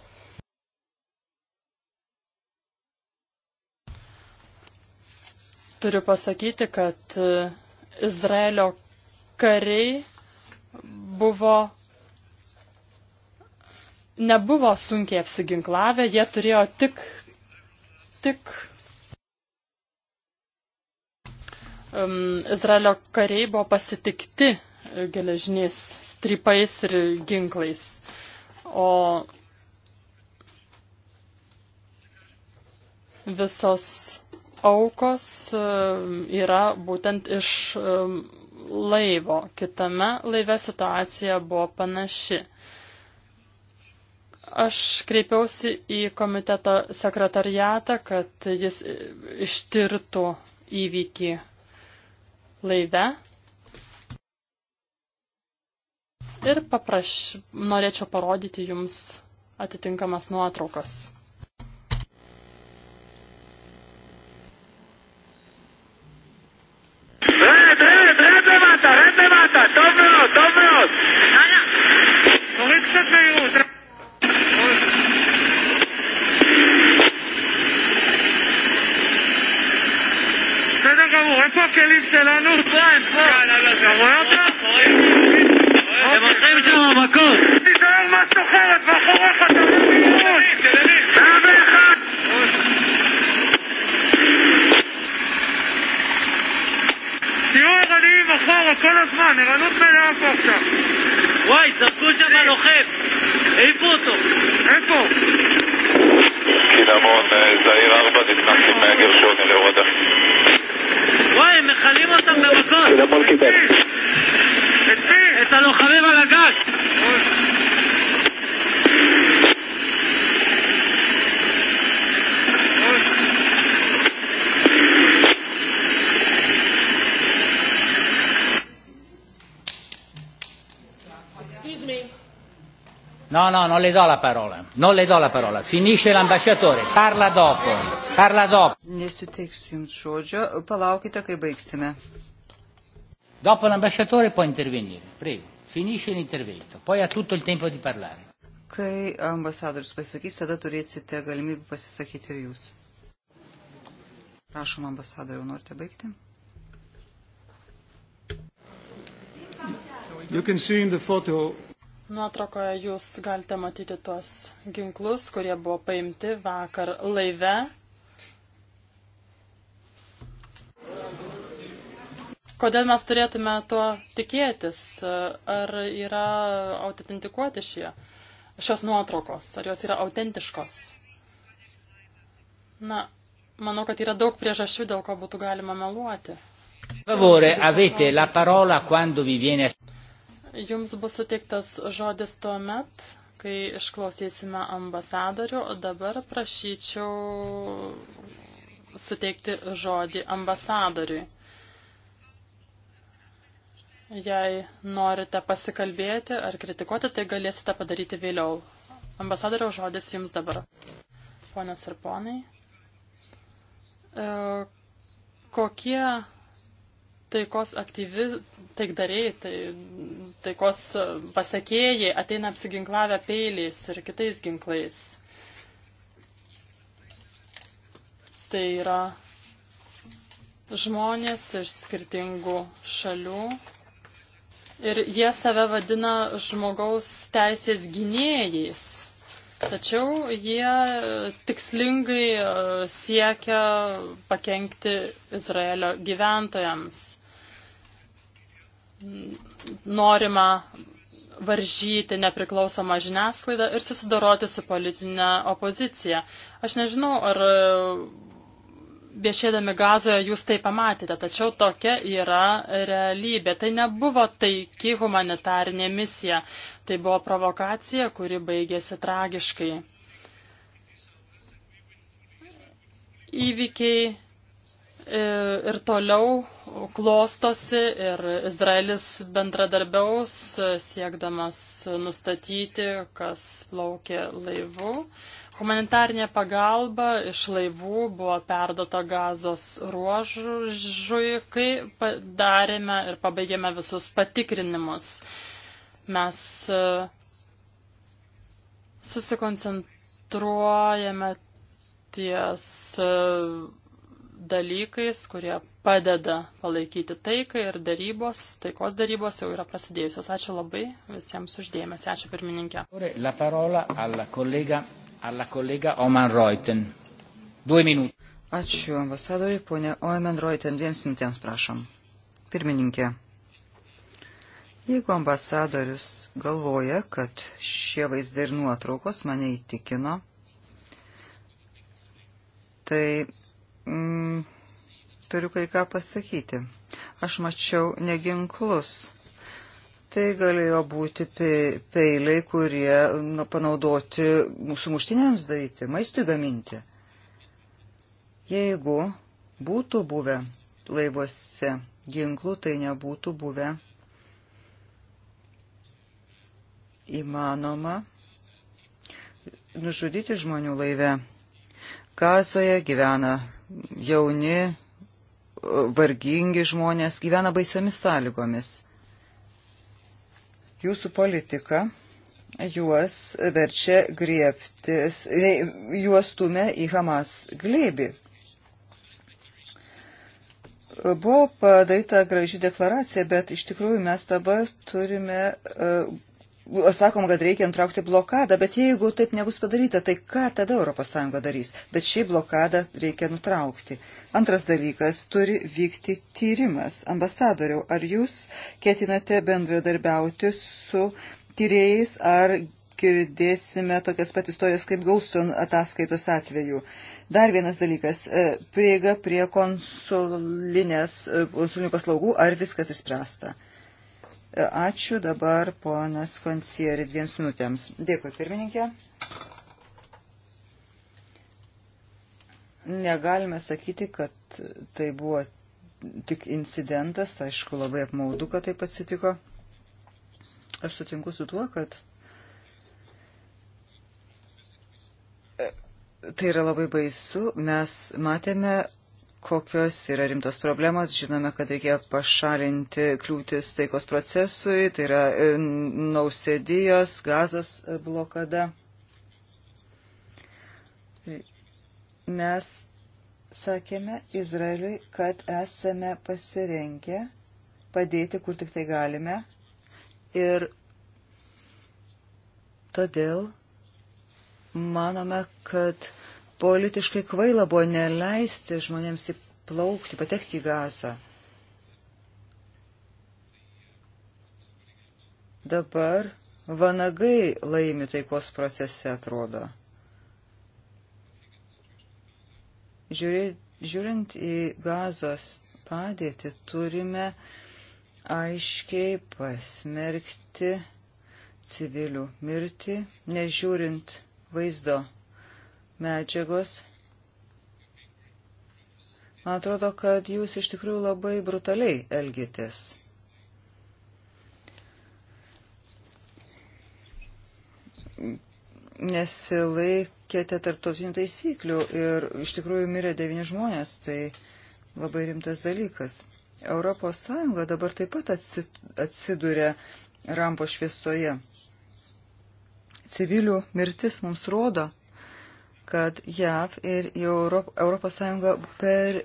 B: Turiu pasakyti, kad e, Izraelio kariai buvo, nebuvo sunkiai apsiginklavę, jie turėjo tik, tik um, Izraelio kariai buvo pasitikti e, geležiniais strypais ir ginklais. O visos aukos e, yra būtent iš e, laivo. Kitame laive situacija buvo panaši. Aš kreipiausi į komiteto sekretariatą, kad jis ištirtų įvykį laive. Ir papraš, norėčiau parodyti jums atitinkamas nuotraukas.
F: Добро, добро! Аня, коли це ти איפה הכלים שלנו? אתה רואה אותם? הם עושים שם מכות. תיזהר מה סוחרת, מאחוריך אתה מבין. תהיו ערניים אחורה כל הזמן, ערנות מלאה פה עכשיו. וואי, זרקו שם לוחם, העיפו אותו. איפה?
E: קינמון, זעיר 4, נכנסתי
B: מהגרשוני להורדה.
F: וואי, הם מכלים אותם במכות.
B: את הלוחמים על הגג.
A: No, no, non le do la parola. Non le do la parola. Finisce l'ambasciatore. Parla dopo. Parla dopo.
E: Nesuteiksiu jums žodžio. Palaukite, kai baigsime. Dopo
A: l'ambasciatore può intervenire. Prego. Finisce l'intervento. Poi ha tutto il tempo di parlare.
E: Kai ambasadorius pasakys, tada turėsite galimybę pasisakyti ir jūs. Prašom, ambasadoriau, norite baigti?
F: You can see in the photo
B: Nuotraukoje jūs galite matyti tuos ginklus, kurie buvo paimti vakar laive. Kodėl mes turėtume tuo tikėtis? Ar yra autentikuoti šie, šios nuotraukos? Ar jos yra autentiškos? Na, manau, kad yra daug priežasčių, dėl ko būtų galima meluoti. Favore, avete la
A: parola quando vi viene.
B: Jums bus suteiktas žodis tuo met, kai išklausysime ambasadorių, o dabar prašyčiau suteikti žodį ambasadoriui. Jei norite pasikalbėti ar kritikuoti, tai galėsite padaryti vėliau. Ambasadoriaus žodis jums dabar. Ponios ir ponai, e, kokie taikos aktyvi, taikdariai, tai, taikos e, pasiekėjai ateina apsiginklavę peiliais ir kitais ginklais. Tai yra žmonės iš skirtingų šalių ir jie save vadina žmogaus teisės gynėjais. Tačiau jie tikslingai e, siekia pakengti Izraelio gyventojams norima varžyti nepriklausomą žiniasklaidą ir susidoroti su politinė opozicija. Aš nežinau, ar e, viešėdami gazoje jūs tai pamatėte, tačiau tokia yra realybė. Tai nebuvo taiki humanitarinė misija, tai buvo provokacija, kuri baigėsi tragiškai. Įvykiai E, ir toliau klostosi ir Izraelis bendradarbiaus, e, siekdamas nustatyti, kas plaukė laivu. Humanitarnė pagalba iš laivų buvo perdota gazos ruožui, kai darėme ir pabaigėme visus patikrinimus. Mes e, susikoncentruojame ties dalykais, kurie padeda palaikyti taiką ir darybos, taikos darybos jau yra prasidėjusios. Ačiū labai visiems uždėmesi. Ačiū pirmininkė.
A: La parola
E: alla collega, alla collega Oman Reuten. Due minuti. Ačiū ambasadoriui, ponė Oman Reuten. Dviems minutėms prašom. Pirmininkė. Jeigu ambasadorius galvoja, kad šie vaizdai ir nuotraukos mane įtikino, tai mm, turiu kai ką pasakyti. Aš mačiau neginklus. Tai galėjo būti peiliai, kurie nu, panaudoti mūsų muštinėms daryti, maistui gaminti. Jeigu būtų buvę laivuose ginklų, tai nebūtų buvę įmanoma nužudyti žmonių laive. Gazoje gyvena jauni, vargingi žmonės, gyvena baisiomis sąlygomis. Jūsų politika juos verčia griebtis, juos stumia į Hamas glėbį. Buvo padaryta graži deklaracija, bet iš tikrųjų mes dabar turime O sakom, kad reikia antraukti blokadą, bet jeigu taip nebus padaryta, tai ką tada ES darys? Bet šį blokadą reikia nutraukti. Antras dalykas - turi vykti tyrimas. Ambasadoriau, ar jūs ketinate bendradarbiauti su tyrėjais, ar girdėsime tokias pat istorijas kaip Gaulson ataskaitos atveju? Dar vienas dalykas e, - prieiga prie konsulinės, e, konsulinių paslaugų, ar viskas išspręsta? Ačiū dabar ponas Koncieri dviems minutėms. Dėkui, pirmininkė. Negalime sakyti, kad tai buvo tik incidentas, aišku, labai apmaudu, kad taip atsitiko. Aš sutinku su tuo, kad e, tai yra labai baisu. Mes matėme kokios yra rimtos problemos. Žinome, kad reikia pašalinti kliūtis taikos procesui, tai yra e, nausėdijos, gazos e, blokada. Mes sakėme Izraeliui, kad esame pasirengę padėti, kur tik tai galime. Ir todėl manome, kad politiškai kvaila buvo neleisti žmonėms įplaukti, patekti į gazą. Dabar vanagai laimi taikos procese, atrodo. Žiūri, žiūrint į gazos padėtį, turime aiškiai pasmerkti civilių mirtį, nežiūrint vaizdo medžiagos. Man atrodo, kad jūs iš tikrųjų labai brutaliai elgitės. Nesilaikėte tarptautinių taisyklių ir iš tikrųjų mirė devyni žmonės, tai labai rimtas dalykas. Europos Sąjunga dabar taip pat atsiduria rampo šviesoje. Civilių mirtis mums rodo, kad JAV ir ES per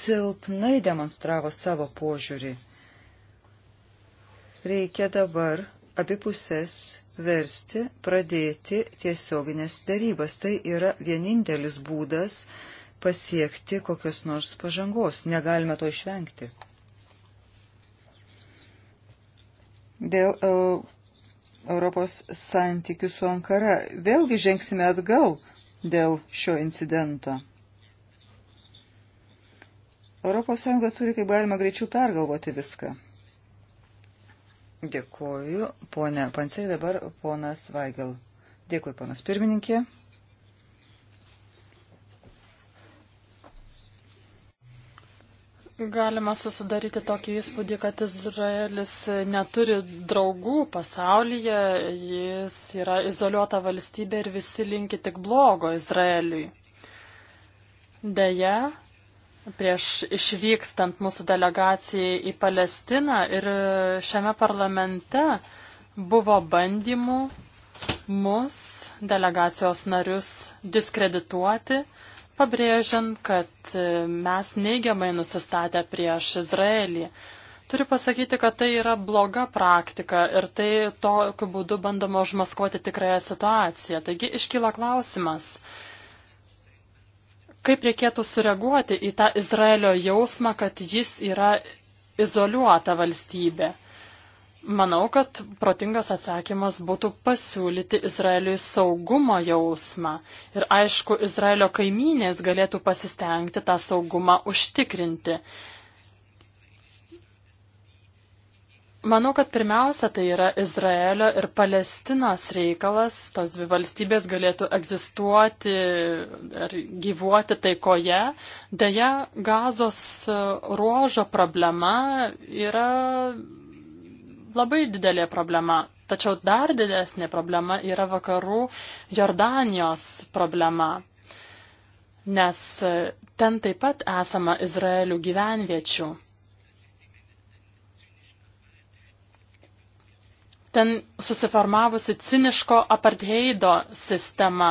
E: silpnai demonstravo savo požiūrį. Reikia dabar abipusės versti, pradėti tiesioginės darybas. Tai yra vienintelis būdas pasiekti kokios nors pažangos. Negalime to išvengti. Dėl uh, Europos santykių su Ankara vėlgi žengsime atgal dėl šio incidento. ES turi kaip galima greičiau pergalvoti viską. Dėkuoju, ponė Pansai, dabar ponas Vaigel. Dėkui, ponas pirmininkė.
B: Galima susidaryti tokį įspūdį, kad Izraelis neturi draugų pasaulyje, jis yra izoliuota valstybė ir visi linki tik blogo Izraeliui. Deja, prieš išvykstant mūsų delegacijai į Palestiną ir šiame parlamente buvo bandymų mus, delegacijos narius, diskredituoti pabrėžiant, kad e, mes neigiamai nusistatę prieš Izraelį. Turiu pasakyti, kad tai yra bloga praktika ir tai tokiu būdu bandoma užmaskuoti tikrąją situaciją. Taigi iškyla klausimas, kaip reikėtų sureaguoti į tą Izraelio jausmą, kad jis yra izoliuota valstybė. Manau, kad protingas atsakymas būtų pasiūlyti Izraeliui saugumo jausmą. Ir aišku, Izraelio kaimynės galėtų pasistengti tą saugumą užtikrinti. Manau, kad pirmiausia tai yra Izraelio ir Palestinos reikalas. Tos dvi valstybės galėtų egzistuoti ir gyvuoti taikoje. Deja, gazos ruožo problema yra labai didelė problema. Tačiau dar didesnė problema yra vakarų Jordanijos problema. Nes e, ten taip pat esama Izraelių gyvenviečių. Ten susiformavusi ciniško apartheido sistema.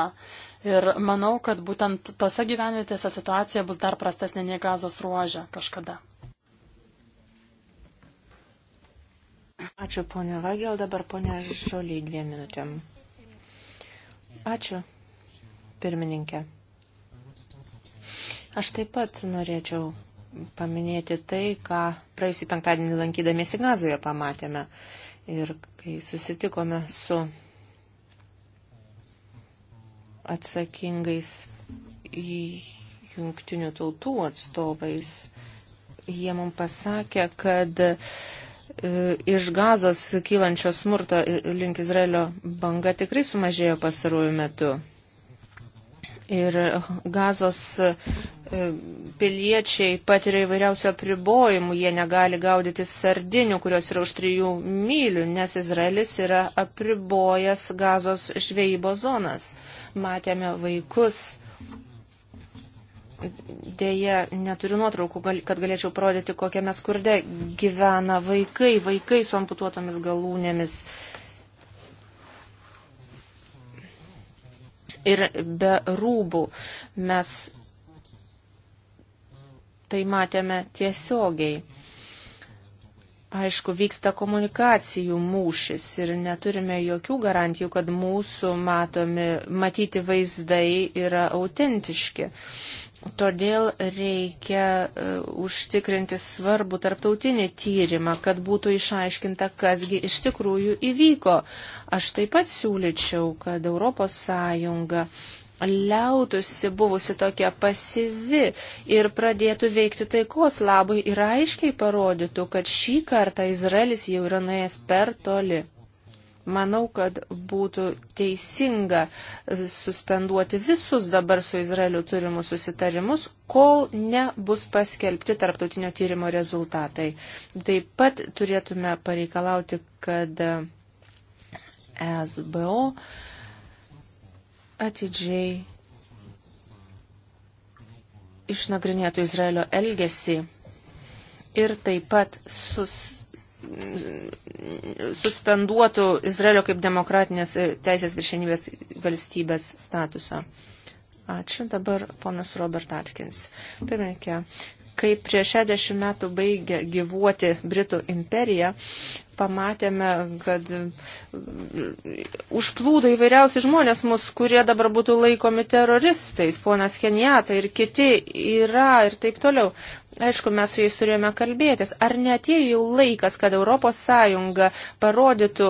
B: Ir manau, kad būtent tose gyvenvietėse situacija bus dar prastesnė nei gazos ruožė kažkada.
C: Ačiū, ponė Vagel, dabar ponė Žoliai dviem minutėm. Ačiū, pirmininkė. Aš taip pat norėčiau paminėti tai, ką praėjusį penktadienį lankydamiesi Gazoje pamatėme ir kai susitikome su atsakingais jungtinių tautų atstovais, jie mums pasakė, kad E, iš gazos kylančio smurto link Izraelio banga tikrai sumažėjo pasarųjų metu. Ir gazos e, piliečiai patiria įvairiausių apribojimų, jie negali gaudyti sardinių, kurios yra už trijų mylių, nes Izraelis yra apribojęs gazos žvejybos zonas. Matėme vaikus Deja, neturiu nuotraukų, kad galėčiau parodyti, kokiame skurde gyvena vaikai, vaikai su amputuotomis galūnėmis. Ir be rūbų mes tai matėme tiesiogiai. Aišku, vyksta komunikacijų mūšis ir neturime jokių garantijų, kad mūsų matomi, matyti vaizdai yra autentiški. Todėl reikia e, užtikrinti svarbų tarptautinį tyrimą, kad būtų išaiškinta, kasgi iš tikrųjų įvyko. Aš taip pat siūlyčiau, kad ES liautusi buvusi tokia pasivi ir pradėtų veikti taikos labai ir aiškiai parodytų, kad šį kartą Izraelis jau yra nuėjęs per toli. Manau, kad būtų teisinga suspenduoti visus dabar su Izraeliu turimus susitarimus, kol nebus paskelbti tarptautinio tyrimo rezultatai. Taip pat turėtume pareikalauti, kad SBO atidžiai išnagrinėtų Izraelio elgesį ir taip pat sus suspenduotų Izraelio kaip demokratinės teisės viršenybės valstybės statusą. Ačiū. Dabar ponas Robert Atkins. Pirmininkė, kai prieš 60 metų baigė gyvuoti Britų imperiją, pamatėme, kad užplūdo įvairiausi žmonės mus, kurie dabar būtų laikomi teroristais, ponas Kenijata ir kiti yra ir taip toliau. Aišku, mes su jais turėjome kalbėtis. Ar netėjo jau laikas, kad ES parodytų,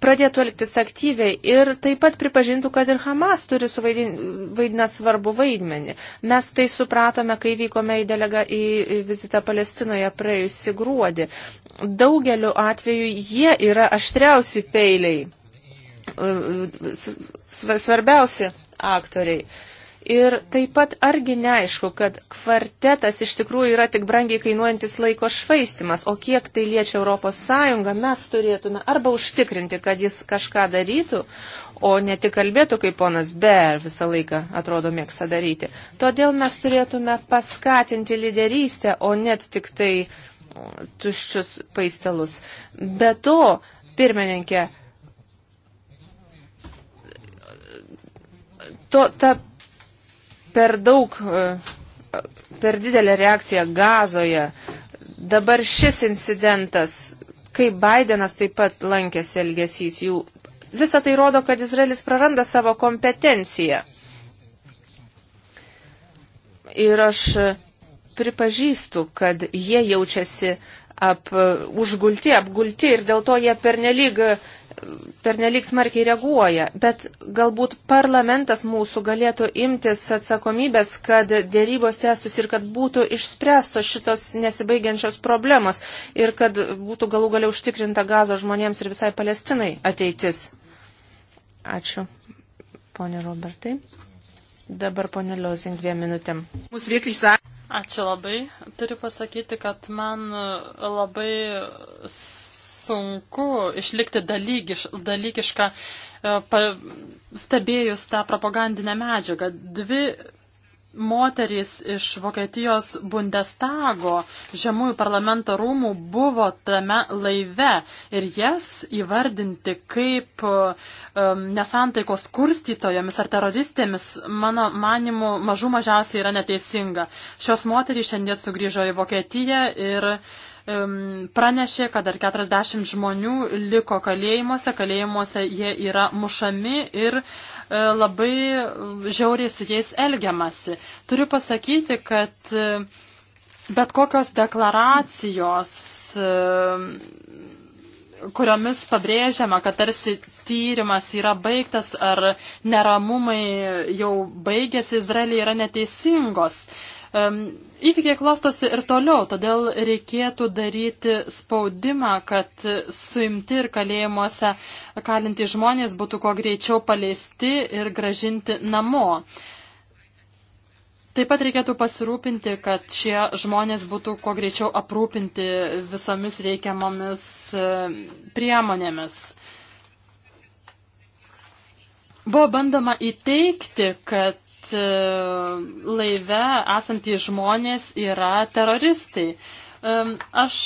C: pradėtų elgtis aktyviai ir taip pat pripažintų, kad ir Hamas turi suvaidina svarbu vaidmenį. Mes tai supratome, kai vykome į, delega, į vizitą Palestinoje praėjusį gruodį. Daugeliu atveju atveju jie yra aštriausi peiliai, e, svarbiausi aktoriai. Ir taip pat argi neaišku, kad kvartetas iš tikrųjų yra tik brangiai kainuojantis laiko švaistimas, o kiek tai liečia Europos Sąjungą, mes turėtume arba užtikrinti, kad jis kažką darytų, o ne tik kalbėtų, kaip ponas Ber visą laiką atrodo mėgsta daryti. Todėl mes turėtume paskatinti lyderystę, o net tik tai uh, tuščius paistelus. Be to, pirmininkė, to, ta per daug, e, per didelė reakcija gazoje. Dabar šis incidentas, kai Bidenas taip pat lankėsi elgesys, jų visą tai rodo, kad Izraelis praranda savo kompetenciją. Ir aš pripažįstu, kad jie jaučiasi ap, užgulti, apgulti ir dėl to jie pernelyg, pernelyg smarkiai reaguoja. Bet galbūt parlamentas mūsų galėtų imtis atsakomybės, kad dėrybos tęstus ir kad būtų išspręstos šitos nesibaigiančios problemos ir kad būtų galų galia užtikrinta gazo žmonėms ir visai Palestinai ateitis. Ačiū, ponė Robertai. Dabar ponė Liozing dviem minutėm.
B: Ačiū labai. Turiu pasakyti, kad man labai sunku išlikti dalygiš, dalykišką, e, pa, stebėjus tą propagandinę medžiagą. Dvi moterys iš Vokietijos Bundestago žemųjų parlamento rūmų buvo tame laive ir jas įvardinti kaip um, nesantaikos kurstytojomis ar teroristėmis, mano manimu, mažų mažiausiai yra neteisinga. Šios moterys šiandien sugrįžo į Vokietiją ir um, pranešė, kad dar 40 žmonių liko kalėjimuose, kalėjimuose jie yra mušami ir uh, E, labai žiauriai su jais elgiamasi. Turiu pasakyti, kad e, bet kokios deklaracijos, e, kuriomis pabrėžiama, kad tarsi tyrimas yra baigtas ar neramumai jau baigėsi Izraelį, yra neteisingos. Įvykiai klostosi ir toliau, todėl reikėtų daryti spaudimą, kad suimti ir kalėjimuose kalinti žmonės būtų kuo greičiau paleisti ir gražinti namo. Taip pat reikėtų pasirūpinti, kad šie žmonės būtų kuo greičiau aprūpinti visomis reikiamomis e, priemonėmis. Buvo bandoma įteikti, kad E, laive esantys žmonės yra teroristai. E, aš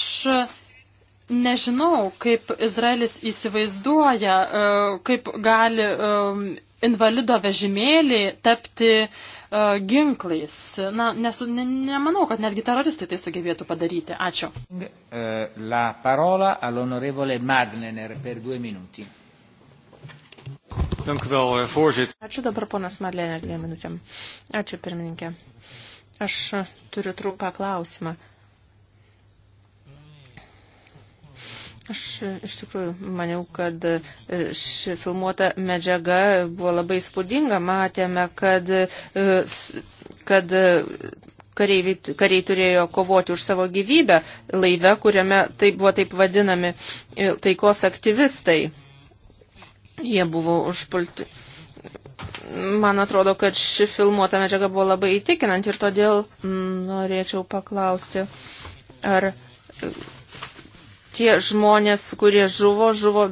B: nežinau, kaip Izraelis įsivaizduoja, e, kaip gali invalido vežimėlį tapti ginklais. Na, nesu, ne, nemanau, kad netgi teroristai tai sugebėtų padaryti. Ačiū.
A: La parola all'onorevole Madlener per due minuti. Eh,
C: Ačiū dabar ponas Marlėnė dviem minutėm. Ačiū pirmininkė. Aš eh, turiu trumpą klausimą. Aš eh, iš tikrųjų maniau, kad ši filmuota medžiaga buvo labai spūdinga. Matėme, kad, kad kariai, kariai turėjo kovoti už savo gyvybę laive, kuriame taip buvo taip vadinami taikos aktyvistai. Jie buvo užpulti. Man atrodo, kad ši filmuota medžiaga buvo labai įtikinanti ir todėl mm, norėčiau paklausti, ar e, tie žmonės, kurie žuvo, žuvo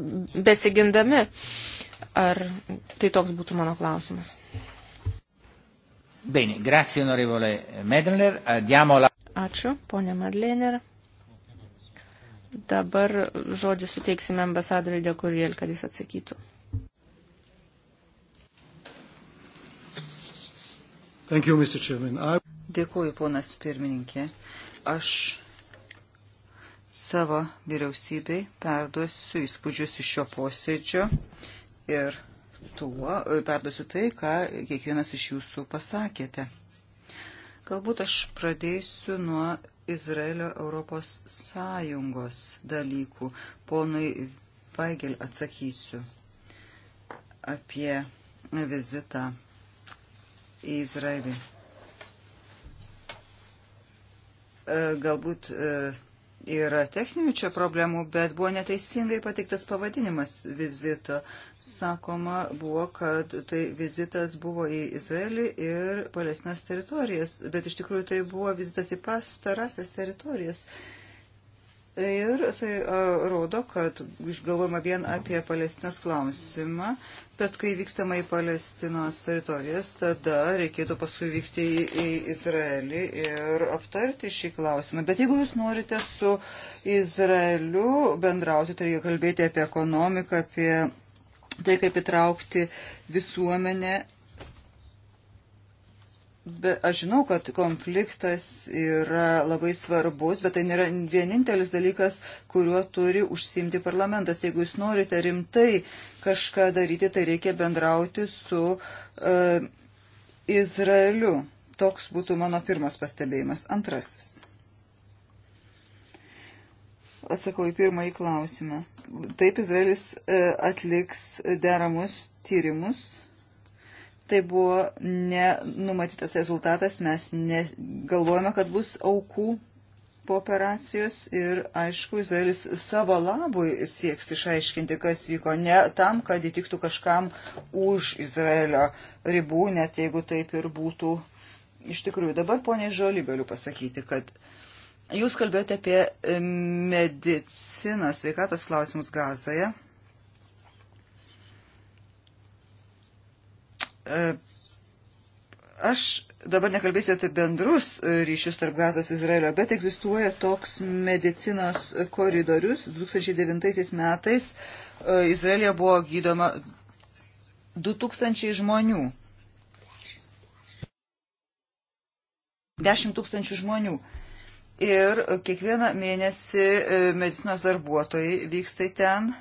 C: besigindami. Ar tai toks būtų mano klausimas?
A: Bene, grazie onorevole Medlener. Eh, diamo la...
C: Ačiū, ponė Medlener. Dabar žodį suteiksime ambasadoriui Dekuriel, kad jis atsakytų.
E: Thank you, Mr. Chairman. I... Dėkuoju, ponas pirmininkė. Aš savo vyriausybei perduosiu įspūdžius iš šio posėdžio ir tuo perduosiu tai, ką kiekvienas iš jūsų pasakėte. Galbūt aš pradėsiu nuo Izraelio Europos Sąjungos dalykų. Ponui Vaigel atsakysiu apie vizitą į Izraelį. E, galbūt e, yra techninių čia problemų, bet buvo neteisingai pateiktas pavadinimas vizito. Sakoma buvo, kad tai vizitas buvo į Izraelį ir Palestinos teritorijas, bet iš tikrųjų tai buvo vizitas į pastarasias teritorijas. Ir tai a, e, rodo, kad galvojama vien apie Palestinos klausimą, Bet kai vykstama į Palestinos teritorijas, tada reikėtų paskui vykti į, į Izraelį ir aptarti šį klausimą. Bet jeigu jūs norite su Izraeliu bendrauti, tai reikia kalbėti apie ekonomiką, apie tai, kaip įtraukti visuomenę Be, aš žinau, kad konfliktas yra labai svarbus, bet tai nėra vienintelis dalykas, kuriuo turi užsimti parlamentas. Jeigu jūs norite rimtai kažką daryti, tai reikia bendrauti su uh, Izraeliu. Toks būtų mano pirmas pastebėjimas. Antrasis. Atsakau į pirmąjį klausimą. Taip Izraelis uh, atliks deramus tyrimus Tai buvo nenumatytas rezultatas, mes galvojame, kad bus aukų po operacijos ir, aišku, Izraelis savo labui sieks išaiškinti, kas vyko, ne tam, kad įtiktų kažkam už Izraelio ribų, net jeigu taip ir būtų. Iš tikrųjų, dabar, poniai Žoli, galiu pasakyti, kad jūs kalbėjote apie medicinos sveikatos klausimus gazoje. Ja? E, aš dabar nekalbėsiu apie bendrus ryšius tarp Gazos Izraelio, bet egzistuoja toks medicinos koridorius. 2009 metais e, Izraelija buvo gydoma 2000 žmonių. 10 tūkstančių žmonių. Ir kiekvieną mėnesį e, medicinos darbuotojai vyksta ten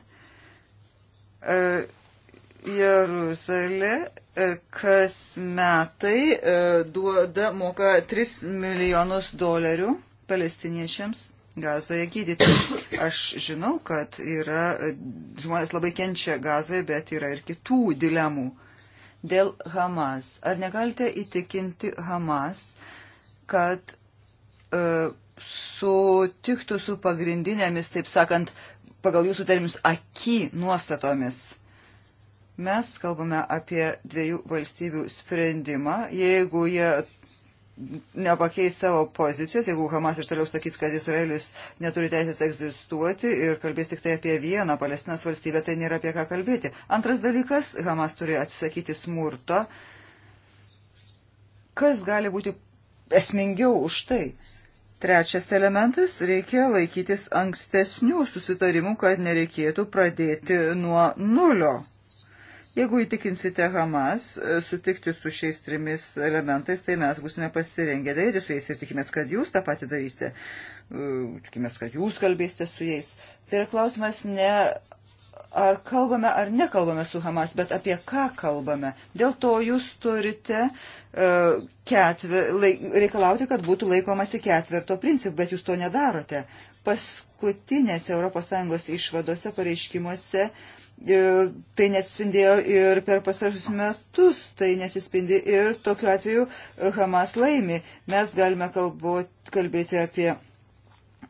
E: Jeruzalė e, kas metai e, duoda, moka 3 milijonus dolerių palestiniečiams gazoje gydyti. Aš žinau, kad yra, e, žmonės labai kenčia gazoje, bet yra ir kitų dilemų. Dėl Hamas. Ar negalite įtikinti Hamas, kad e, sutiktų su pagrindinėmis, taip sakant, pagal jūsų terminus, aki nuostatomis? Mes kalbame apie dviejų valstybių sprendimą. Jeigu jie nepakeis savo pozicijos, jeigu Hamas ir toliau sakys, kad Izraelis neturi teisės egzistuoti ir kalbės tik tai apie vieną Palestinos valstybę, tai nėra apie ką kalbėti. Antras dalykas, Hamas turi atsisakyti smurto. Kas gali būti esmingiau už tai? Trečias elementas - reikia laikytis ankstesnių susitarimų, kad nereikėtų pradėti nuo nulio. Jeigu įtikinsite Hamas e, sutikti su šiais trimis elementais, tai mes būsime pasirengę daryti su jais ir tikimės, kad jūs tą patį darysite. E, tikimės, kad jūs kalbėsite su jais. Tai yra klausimas ne ar kalbame ar nekalbame su Hamas, bet apie ką kalbame. Dėl to jūs turite uh, ketver, laik, reikalauti, kad būtų laikomasi ketverto principų, bet jūs to nedarote. Paskutinėse ES išvadose pareiškimuose uh, E, tai nesispindėjo ir per pastarosius metus, tai nesispindi ir tokiu atveju Hamas laimi. Mes galime kalbot, kalbėti apie.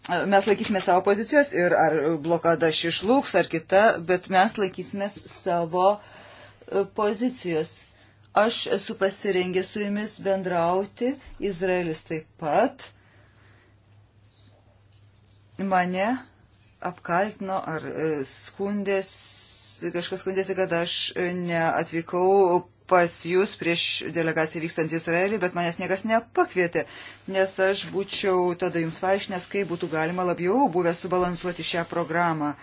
E: E, mes laikysime savo pozicijos ir ar blokada šišlūks ar kita, bet mes laikysime savo e, pozicijos. Aš esu pasirengęs su jumis bendrauti, Izraelis taip pat mane apkaltino ar skundėsi kažkas skundėsi, kad aš neatvykau pas jūs prieš delegaciją vykstant į Izraelį, bet manęs niekas nepakvietė, nes aš būčiau tada jums paaiškinęs, kaip būtų galima labiau buvę subalansuoti šią programą.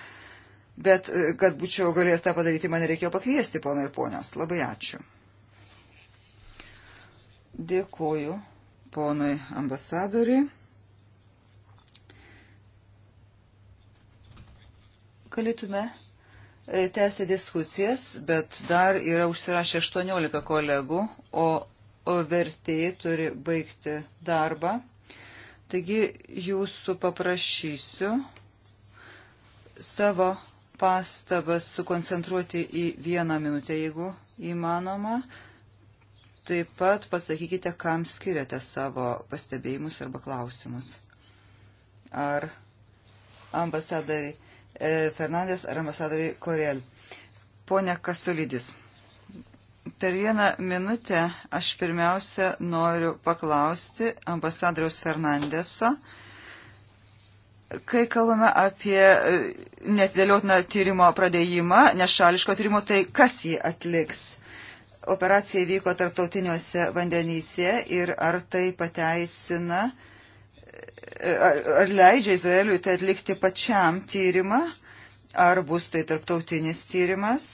E: Bet e, kad būčiau galėjęs tą padaryti, man reikėjo pakviesti, ponai ir ponios. Labai ačiū. Dėkuoju ponui ambasadoriui. Galėtume E, tęsia diskusijas, bet dar yra užsirašę 18 kolegų, o, o vertėjai turi baigti darbą. Taigi jūsų paprašysiu savo pastabas sukoncentruoti į vieną minutę, jeigu įmanoma. Taip pat pasakykite, kam skiriate savo pastebėjimus arba klausimus. Ar ambasadoriai E, Fernandės ar ambasadoriai Korel. Pone Kasulydis, per vieną minutę aš pirmiausia noriu paklausti ambasadoriaus Fernandeso, kai kalbame apie e, netidėliotiną tyrimo pradėjimą, nešališko tyrimo, tai kas jį atliks? Operacija vyko tarptautiniuose vandenyse ir ar tai pateisina uh, ar leidžia Izraeliui tai atlikti pačiam tyrimą, ar bus tai tarptautinis tyrimas,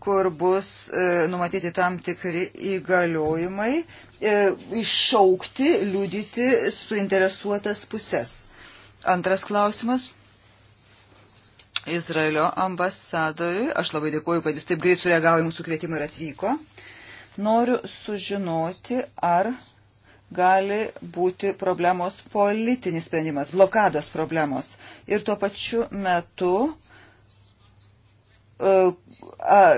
E: kur bus e, numatyti tam tikri įgaliojimai, e, iššaukti, liudyti suinteresuotas pusės. Antras klausimas. Izraelio ambasadoriui, aš labai dėkuoju, kad jis taip greit sureagavo į mūsų kvietimą ir atvyko. Noriu sužinoti, ar gali būti problemos politinis sprendimas, blokados problemos. Ir tuo pačiu metu e,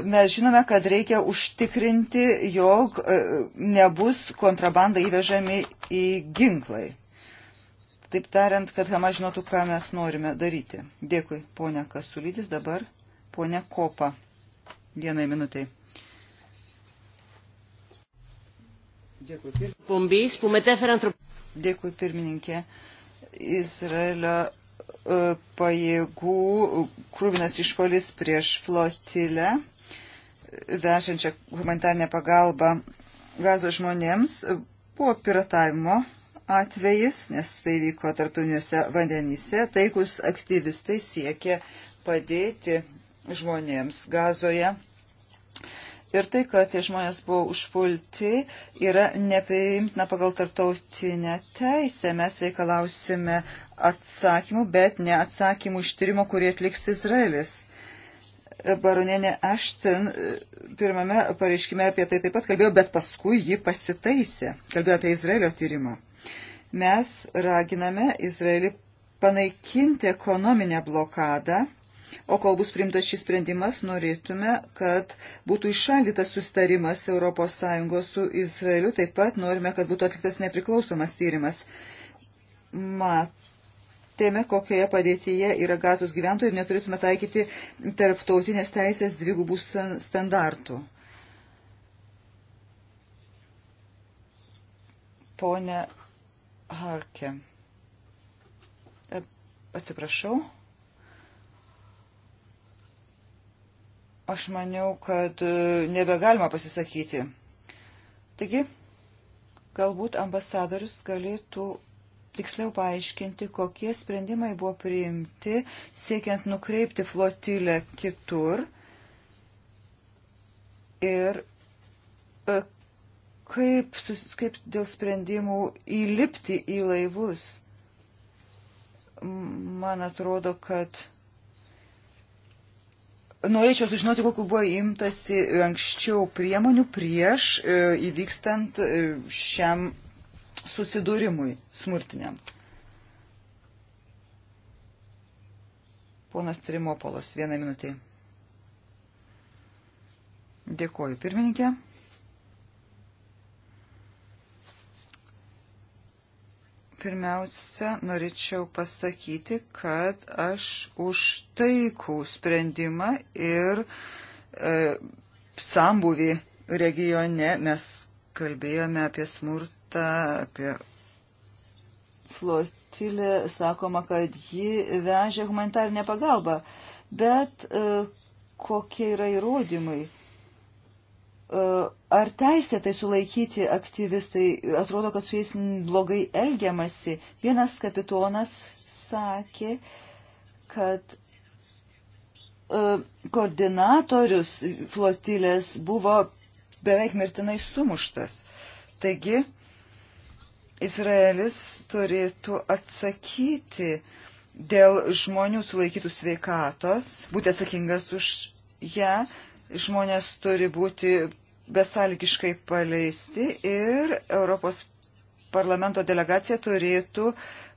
E: mes žinome, kad reikia užtikrinti, jog e, nebus kontrabanda įvežami į ginklai. Taip tariant, kad Hama žinotų, ką mes norime daryti. Dėkui, ponia Kasulydis, dabar ponia Kopa. Vienai minutiai. Dėkui, pirmininkė. Dėkui, pirmininkė. Izraelio e, pajėgų krūvinas išpolis prieš flotilę, vežančią humanitarnę pagalbą gazo žmonėms, buvo piratavimo atvejis, nes tai vyko tarptautiniuose vandenyse. Taikus aktyvistai siekia padėti žmonėms gazoje Ir tai, kad tie žmonės buvo užpulti, yra nepriimtina pagal tarptautinę teisę. Mes reikalausime atsakymų, bet ne atsakymų ištyrimo, kurį atliks Izraelis. Baronienė Ashton e, pirmame pareiškime apie tai taip pat kalbėjo, bet paskui ji pasitaisė, kalbėjo apie Izraelio tyrimą. Mes raginame Izraelį panaikinti ekonominę blokadą O kol bus priimtas šis sprendimas, norėtume, kad būtų iššaldytas sustarimas ES su Izraeliu. Taip pat norime, kad būtų atliktas nepriklausomas tyrimas. Matėme, kokioje padėtyje yra gazos gyventojai ir neturėtume taikyti tarptautinės teisės dvigubų standartų. Pone Harke. Atsiprašau. Aš maniau, kad e, nebegalima pasisakyti. Taigi, galbūt ambasadorius galėtų tiksliau paaiškinti, kokie sprendimai buvo priimti, siekiant nukreipti flotilę kitur ir e, kaip, kaip dėl sprendimų įlipti į laivus. Man atrodo, kad Norėčiau sužinoti, kokiu buvo imtasi anksčiau priemonių prieš e, įvykstant e, šiam susidūrimui smurtiniam. Ponas Trimopolos, vieną minutį. Dėkoju, pirmininkė. Pirmiausia, norėčiau pasakyti, kad aš už taikų sprendimą ir e, sambuvį regione mes kalbėjome apie smurtą, apie flotilę, sakoma, kad ji vežė humanitarinę pagalbą. Bet e, kokie yra įrodymai? E, ar teisėtai sulaikyti aktyvistai, atrodo, kad su jais blogai elgiamasi. Vienas kapitonas sakė, kad e, koordinatorius flotilės buvo beveik mirtinai sumuštas. Taigi, Izraelis turėtų atsakyti dėl žmonių sulaikytų sveikatos, būti atsakingas už ją žmonės turi būti besąlygiškai paleisti ir Europos parlamento delegacija turėtų,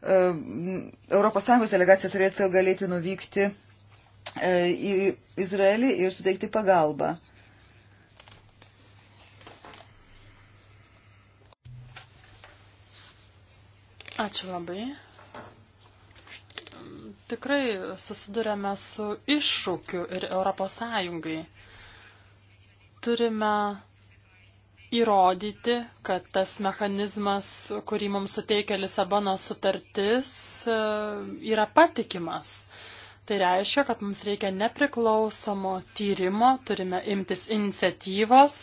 E: Europos Sąjungos delegacija turėtų galėti nuvykti e, į Izraelį ir suteikti pagalbą.
B: Ačiū labai. Tikrai susidurėme su iššūkiu ir Europos Sąjungai turime įrodyti, kad tas mechanizmas, kurį mums suteikia Lisabono sutartis, e, yra patikimas. Tai reiškia, kad mums reikia nepriklausomo tyrimo, turime imtis iniciatyvos,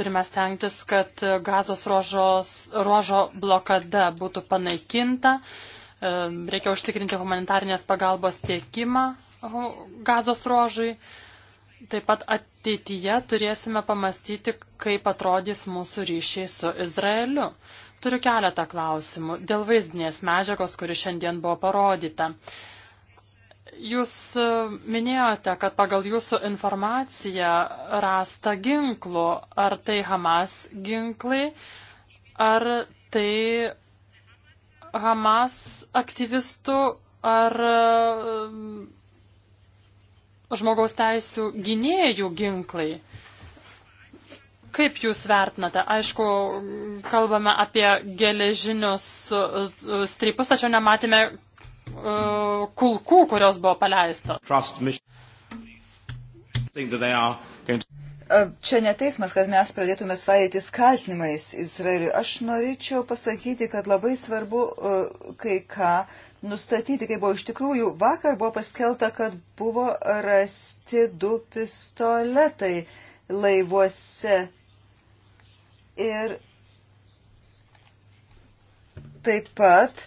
B: turime stengtis, kad gazos ruožos, ruožo blokada būtų panaikinta, e, reikia užtikrinti humanitarnės pagalbos tiekimą gazos ruožui. Taip pat ateityje turėsime pamastyti, kaip atrodys mūsų ryšiai su Izraeliu. Turiu keletą klausimų dėl vaizdinės medžiagos, kuri šiandien buvo parodyta. Jūs e, minėjote, kad pagal jūsų informaciją rasta ginklų. Ar tai Hamas ginklai, ar tai Hamas aktyvistų, ar žmogaus teisų gynėjų ginklai. Kaip jūs vertinate? Aišku, kalbame apie geležinius e, strypus, tačiau nematėme uh, kulkų, kurios buvo paleista. E,
E: čia ne teismas, kad mes pradėtume svaidytis kaltinimais Izraeliui. Aš norėčiau pasakyti, kad labai svarbu kai ką nustatyti, kaip buvo iš tikrųjų. Vakar buvo paskelta, kad buvo rasti du pistoletai laivuose. Ir taip pat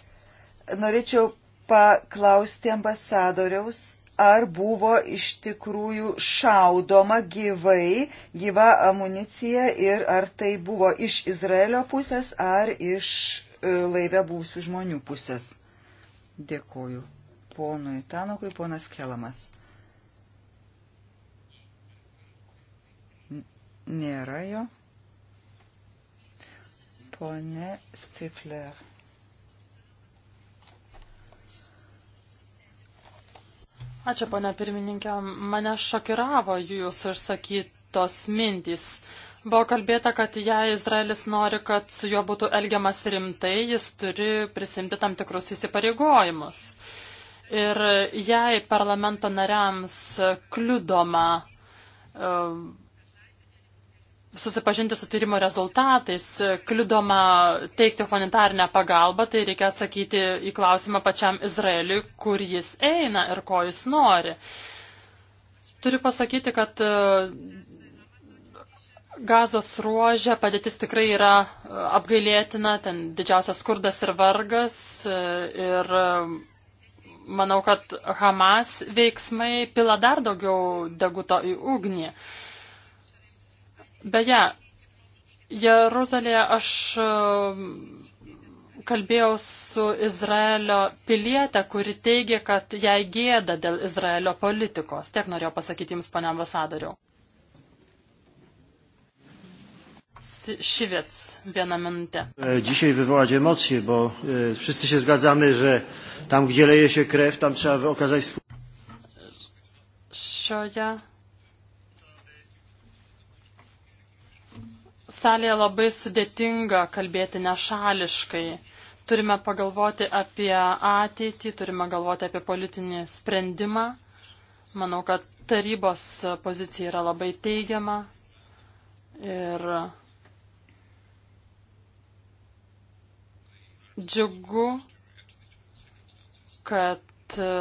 E: norėčiau paklausti ambasadoriaus, ar buvo iš tikrųjų šaudoma gyvai, gyva amunicija ir ar tai buvo iš Izraelio pusės ar iš e, laive būsių žmonių pusės. Dėkuoju ponui Tanokui, ponas Kelamas. Nėra jo.
B: Pone Strifler. Ačiū, ponia pirmininkė. Mane šokiravo jūs išsakytos mintys. Buvo kalbėta, kad jei Izraelis nori, kad su juo būtų elgiamas rimtai, jis turi prisimti tam tikrus įsipareigojimus. Ir jei parlamento nariams kliudoma um, susipažinti su tyrimo rezultatais, kliudoma teikti humanitarinę pagalbą, tai reikia atsakyti į klausimą pačiam Izraeliui, kur jis eina ir ko jis nori. Turiu pasakyti, kad Gazos ruožė padėtis tikrai yra e, apgailėtina, ten didžiausias skurdas ir vargas. E, ir e, manau, kad Hamas veiksmai pila dar daugiau deguto į ugnį. Beje, Jeruzalėje aš kalbėjau su Izraelio pilietė, kuri teigia, kad jai gėda dėl Izraelio politikos. Tiek norėjau pasakyti Jums, pane ambasadoriau. Szywiec, jedna minuta.
D: E, dzisiaj wywołać emocje, bo e, wszyscy się zgadzamy, że tam, gdzie leje się krew, tam trzeba okazać współpracę.
B: Šioje salėje labai sudėtinga kalbėti nešališkai. Turime pagalvoti apie ateitį, turime galvoti apie politinį sprendimą. Manau, kad tarybos pozicija yra labai teigiama ir Džiugu, kad e,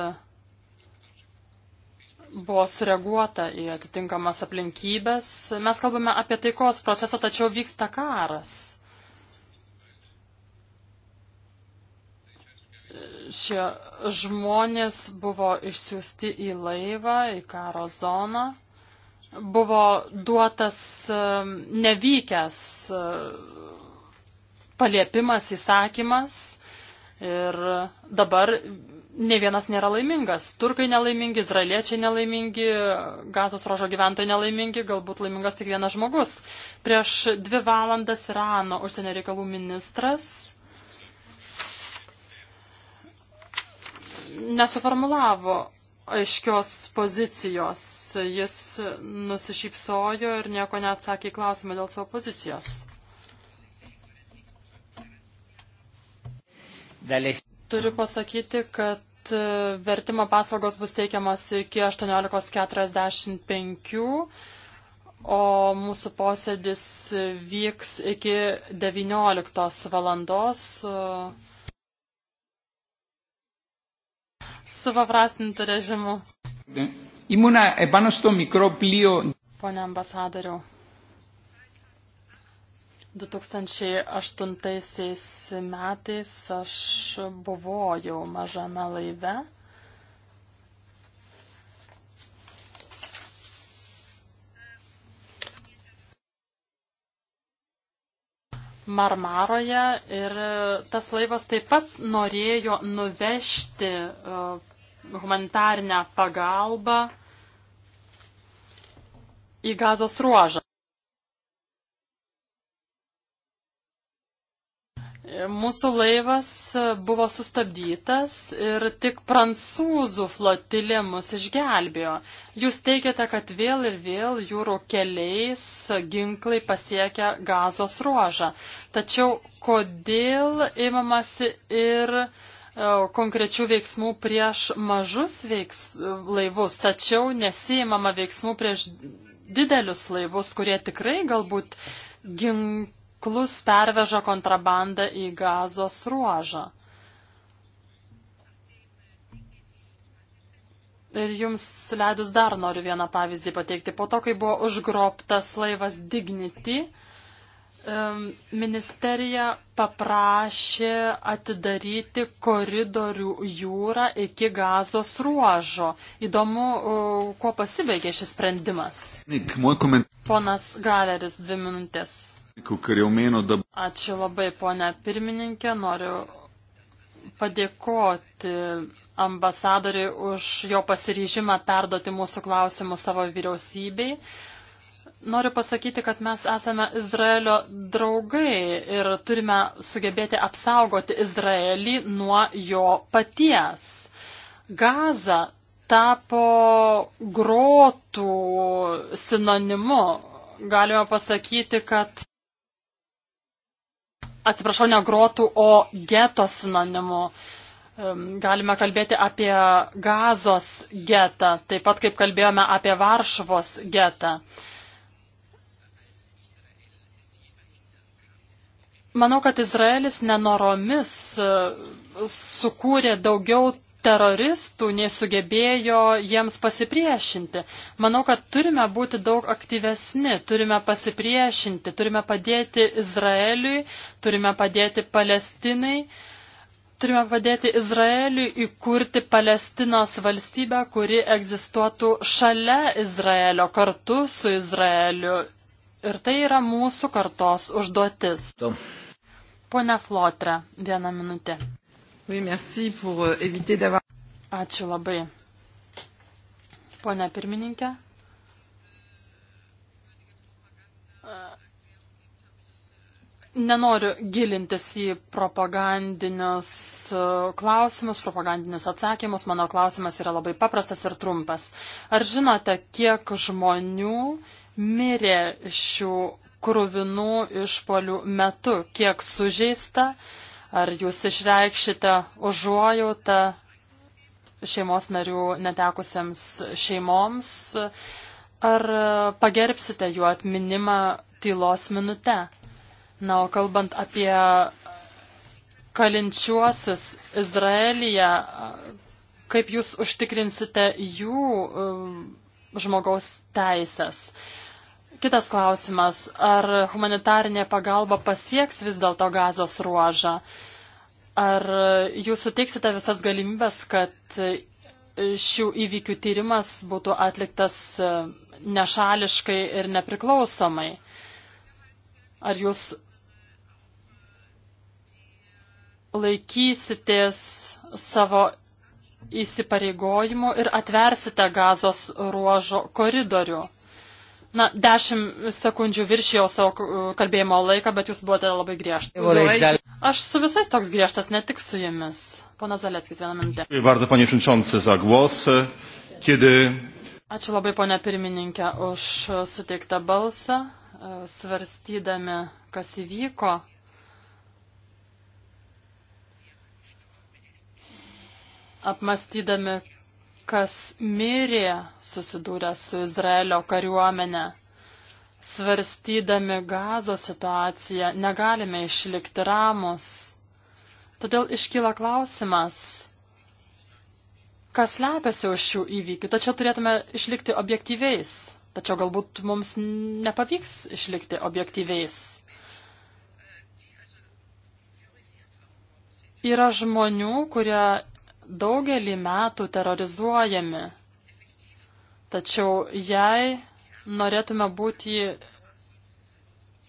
B: buvo sureaguota į atitinkamas aplinkybės. Mes kalbame apie taikos procesą, tačiau vyksta karas. Šie žmonės buvo išsiųsti į laivą, į karo zoną. Buvo duotas e, nevykęs e, paliepimas, įsakymas ir dabar ne vienas nėra laimingas. Turkai nelaimingi, izraeliečiai nelaimingi, gazos rožo gyventojai nelaimingi, galbūt laimingas tik vienas žmogus. Prieš dvi valandas Irano užsienio reikalų ministras nesuformulavo aiškios pozicijos. Jis nusišypsojo ir nieko neatsakė į klausimą dėl savo pozicijos. dalle... Turiu pasakyti, kad e, vertimo paslaugos bus teikiamas iki 18.45, o mūsų posėdis vyks iki 19 valandos. Supaprastinti režimu.
A: Ήμουνα επάνω στο μικρό πλοίο.
B: Πόνε αμπασάδερο. 2008 metais aš buvojau mažame laive. Marmaroje ir tas laivas taip pat norėjo nuvežti uh, humanitarinę pagalbą į gazos ruožą. Mūsų laivas buvo sustabdytas ir tik prancūzų flotilė mus išgelbėjo. Jūs teigiate, kad vėl ir vėl jūrų keliais ginklai pasiekia gazos ruožą. Tačiau kodėl imamasi ir e, konkrečių veiksmų prieš mažus veiks, laivus, tačiau nesijimama veiksmų prieš didelius laivus, kurie tikrai galbūt ginklai ginklus perveža kontrabandą į gazos ruožą. Ir jums leidus dar noriu vieną pavyzdį pateikti. Po to, kai buvo užgrobtas laivas Dignity, ministerija paprašė atidaryti koridorių jūrą iki gazos ruožo. Įdomu, kuo pasibaigė šis sprendimas. Ponas Galeris, dvi minutės. Ačiū labai, ponia pirmininkė. Noriu padėkoti ambasadoriui už jo pasiryžimą perduoti mūsų klausimus savo vyriausybei. Noriu pasakyti, kad mes esame Izraelio draugai ir turime sugebėti apsaugoti Izraelį nuo jo paties. Gaza tapo grotų sinonimu. Galima pasakyti, kad atsiprašau, ne grotų, o geto sinonimu. Galime kalbėti apie gazos getą, taip pat kaip kalbėjome apie Varšuvos getą. Manau, kad Izraelis nenoromis e, sukūrė daugiau teroristų nesugebėjo jiems pasipriešinti. Manau, kad turime būti daug aktyvesni, turime pasipriešinti, turime padėti Izraeliui, turime padėti Palestinai, turime padėti Izraeliui įkurti Palestinos valstybę, kuri egzistuotų šalia Izraelio, kartu su Izraeliu. Ir tai yra mūsų kartos užduotis. Pone Flotre, vieną minutę. Oui, merci pour euh, éviter d'avoir. Ačiū labai. Pone pirmininkė. Nenoriu gilintis į propagandinius e, klausimus, propagandinius atsakymus. Mano klausimas yra labai paprastas ir trumpas. Ar žinote, kiek žmonių mirė šių krūvinų išpolių metu, kiek sužeista? Uh, Ar jūs išreikšite užuojautą šeimos narių netekusiems šeimoms, ar pagerbsite jų atminimą tylos minute? Na, o kalbant apie kalinčiuosius Izraelyje, kaip jūs užtikrinsite jų um, žmogaus teisės? Uh, Kitas klausimas, ar humanitarinė pagalba pasieks vis dėlto gazos ruožą? Ar jūs suteiksite visas galimybės, kad šių įvykių tyrimas būtų atliktas e, nešališkai ir nepriklausomai? Ar jūs laikysitės savo įsipareigojimų ir atversite gazos ruožo koridorių? Na, dešimt sekundžių viršėjau savo kalbėjimo laiką, bet jūs buvote labai griežtas. Aš su visais toks griežtas, ne tik su jumis. Pana Zaleckis, vieną minutę. Bardzo,
F: panie przewodniczący, za głos. Kiedy...
B: Ačiū labai, ponia pirmininkė, už suteiktą balsą, svarstydami, kas įvyko. Apmastydami, kas mirė susidūrę su Izraelio kariuomenė. Svarstydami gazo situaciją negalime išlikti ramus. Todėl iškyla klausimas, kas lepiasi už šių įvykių. Tačiau turėtume išlikti objektyviais. Tačiau galbūt mums nepavyks išlikti objektyviais. Yra žmonių, kurie daugelį metų terorizuojami. Tačiau jei norėtume būti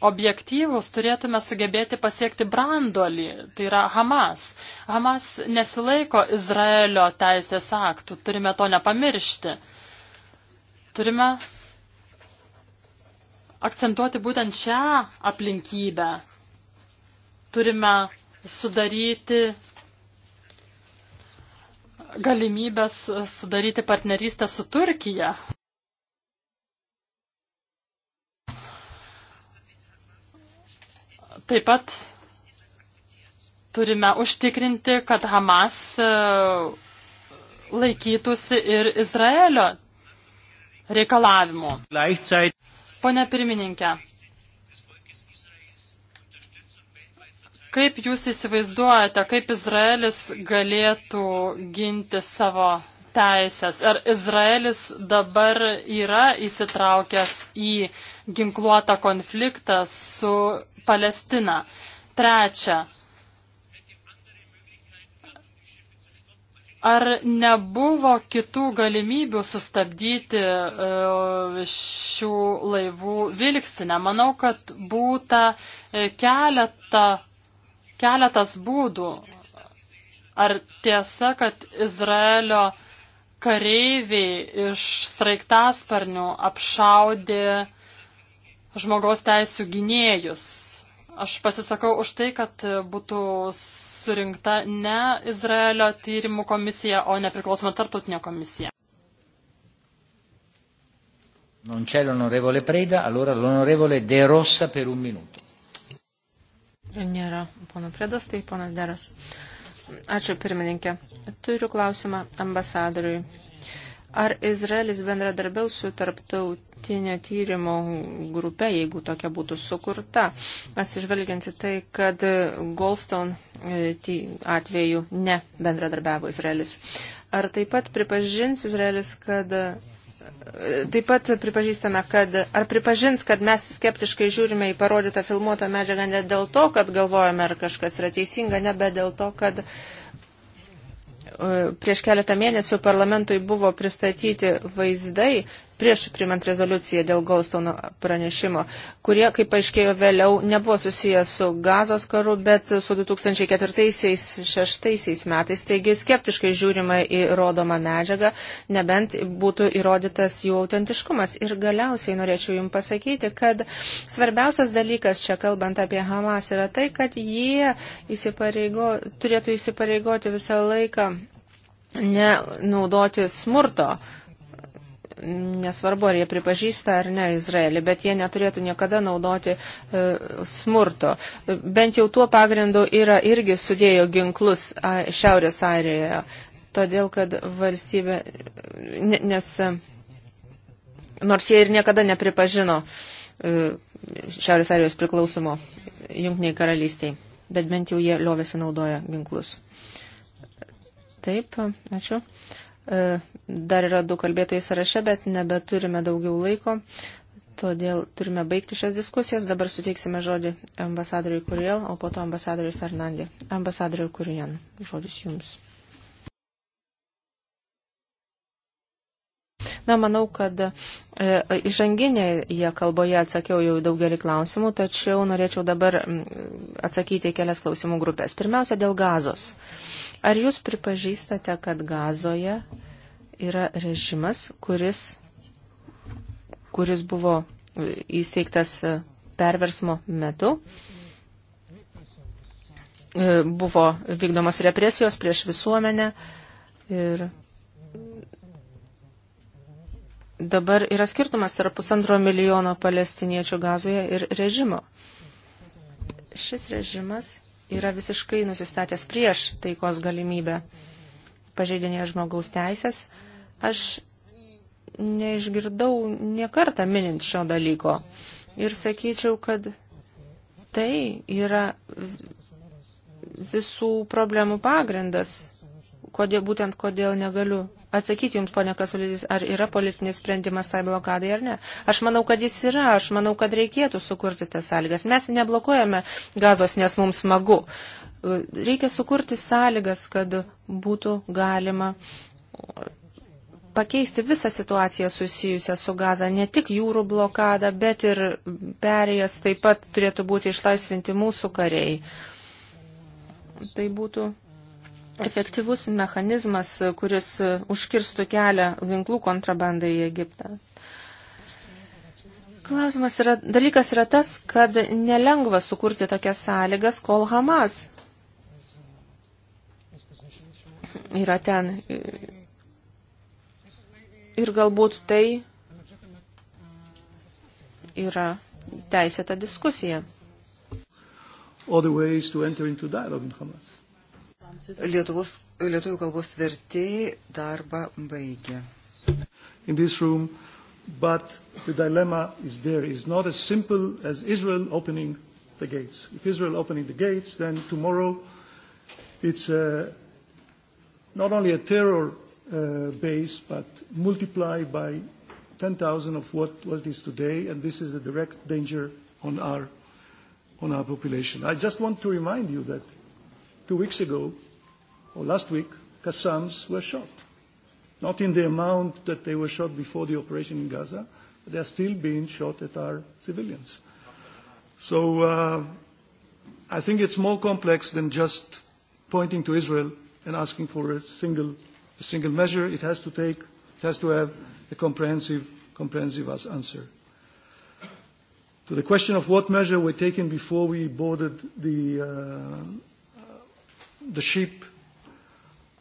B: objektyvus, turėtume sugebėti pasiekti brandolį, tai yra Hamas. Hamas nesilaiko Izraelio teisės aktų, turime to nepamiršti. Turime akcentuoti būtent šią aplinkybę. Turime sudaryti galimybės sudaryti partnerystę su Turkija. Taip pat turime užtikrinti, kad Hamas e, laikytųsi ir Izraelio reikalavimų. Pone pirmininkė, Kaip jūs įsivaizduojate, kaip Izraelis galėtų ginti savo teisės? Ar Izraelis dabar yra įsitraukęs į ginkluotą konfliktą su Palestina? Trečia, Ar nebuvo kitų galimybių sustabdyti e, šių laivų vilkstinę? Manau, kad būta e, keletą keletas būdų. Ar tiesa, kad Izraelio kareiviai iš straiktasparnių apšaudė žmogaus teisų gynėjus? Aš pasisakau už tai, kad būtų surinkta ne Izraelio tyrimų komisija, o nepriklausoma tarptautinė komisija.
A: Non c'è l'onorevole Preda, allora l'onorevole De Rossa per un minuto.
C: Nėra pono Fredos, tai pono Deras. Ačiū pirmininkė. Turiu klausimą ambasadoriui. Ar Izraelis bendradarbiaus su tarptautinio tyrimo grupe, jeigu tokia būtų sukurta, atsižvelgianti tai, kad Goldstone e, atveju ne bendradarbiavo Izraelis? Ar taip pat pripažins Izraelis, kad taip pat pripažįstame, kad ar pripažins, kad mes skeptiškai žiūrime į parodytą filmuotą medžiagą ne dėl to, kad galvojame, ar kažkas yra teisinga, ne, bet dėl to, kad e, prieš keletą mėnesių parlamentui buvo pristatyti vaizdai prieš primant rezoliuciją dėl Goldstone pranešimo, kurie, kaip aiškėjo vėliau, nebuvo susijęs su gazos karu, bet su 2004-2006 metais. Taigi skeptiškai žiūrima į rodomą medžiagą, nebent būtų įrodytas jų autentiškumas. Ir galiausiai norėčiau Jums pasakyti, kad svarbiausias dalykas čia kalbant apie Hamas yra tai, kad jie įsipareigo, turėtų įsipareigoti visą laiką nenaudoti smurto nesvarbu, ar jie pripažįsta ar ne Izraelį, bet jie neturėtų niekada naudoti e, smurto. Bent jau tuo pagrindu yra irgi sudėjo ginklus a, Šiaurės Airijoje, todėl kad valstybė, nes e, nors jie ir niekada nepripažino e, Šiaurės Airijos priklausimo Junktiniai karalystiai, bet bent jau jie liovėsi naudoja ginklus. Taip, ačiū. E, Dar yra du kalbėtojai sąraše, bet nebeturime daugiau laiko, todėl turime baigti šias diskusijas. Dabar suteiksime žodį ambasadoriui Kuriel, o po to ambasadoriui Fernandė. Ambasadoriui Kuriel, žodis jums. Na, manau, kad e, įžanginėje kalboje atsakiau jau daugelį klausimų, tačiau norėčiau dabar atsakyti į kelias klausimų grupės. Pirmiausia, dėl gazos. Ar jūs pripažįstate, kad gazoje yra režimas, kuris, kuris buvo įsteigtas e, perversmo metu. E, buvo vykdomos represijos prieš visuomenę ir dabar yra skirtumas tarp pusantro milijono palestiniečių gazoje ir režimo. Šis režimas yra visiškai nusistatęs prieš taikos galimybę, pažeidinė žmogaus teisės, Aš neišgirdau niekartą minint šio dalyko. Ir sakyčiau, kad tai yra visų problemų pagrindas. Kodėl, būtent kodėl negaliu atsakyti jums, ponia Kasulidis, ar yra politinis sprendimas tai blokadai ar ne. Aš manau, kad jis yra, aš manau, kad reikėtų sukurti tas sąlygas. Mes neblokuojame gazos, nes mums smagu. Reikia sukurti sąlygas, kad būtų galima pakeisti visą situaciją susijusią su Gaza, ne tik jūrų blokadą, bet ir perėjas taip pat turėtų būti išlaisvinti mūsų kariai. Tai būtų efektyvus mechanizmas, kuris užkirstų kelią ginklų kontrabandai į Egiptą. Klausimas yra, dalykas yra tas, kad nelengva sukurti tokias sąlygas, kol Hamas yra ten Ir galbūt tai yra teisėta diskusija.
E: Lietuvos, lietuvių kalbos
F: vertėjai darbą baigė. Room, the dilemma is there. It's not as simple as Israel opening the gates. If Israel opening the gates, then tomorrow it's a, uh, not only a terror uh, base, but multiply by 10,000 of what, what it is today, and this is a direct danger on our, on our population. I just want to remind you that two weeks ago, or last week, Qassams were shot. Not in the amount that they were shot before the operation in Gaza, but they are still being shot at our civilians. So uh, I think it's more complex than just pointing to Israel and asking for a single a single measure. It has to take, it has to have a comprehensive, comprehensive answer. To the question of what measure were taken before we boarded the, uh, the ship,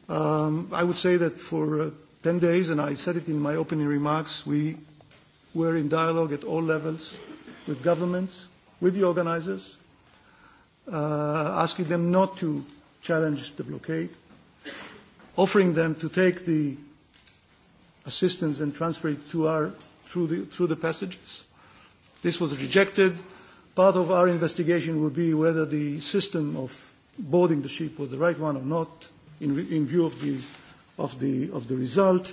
F: um, I would say that for uh, 10 days, and I said it in my opening remarks, we were in dialogue at all levels with governments, with the organizers, uh, asking them not to challenge the blockade, offering them to take the assistance and transfer it to our, through, the, through the passages. This was rejected. Part of our investigation will be whether the system of boarding the ship was the right one or not in, in view of the, of the, of the result.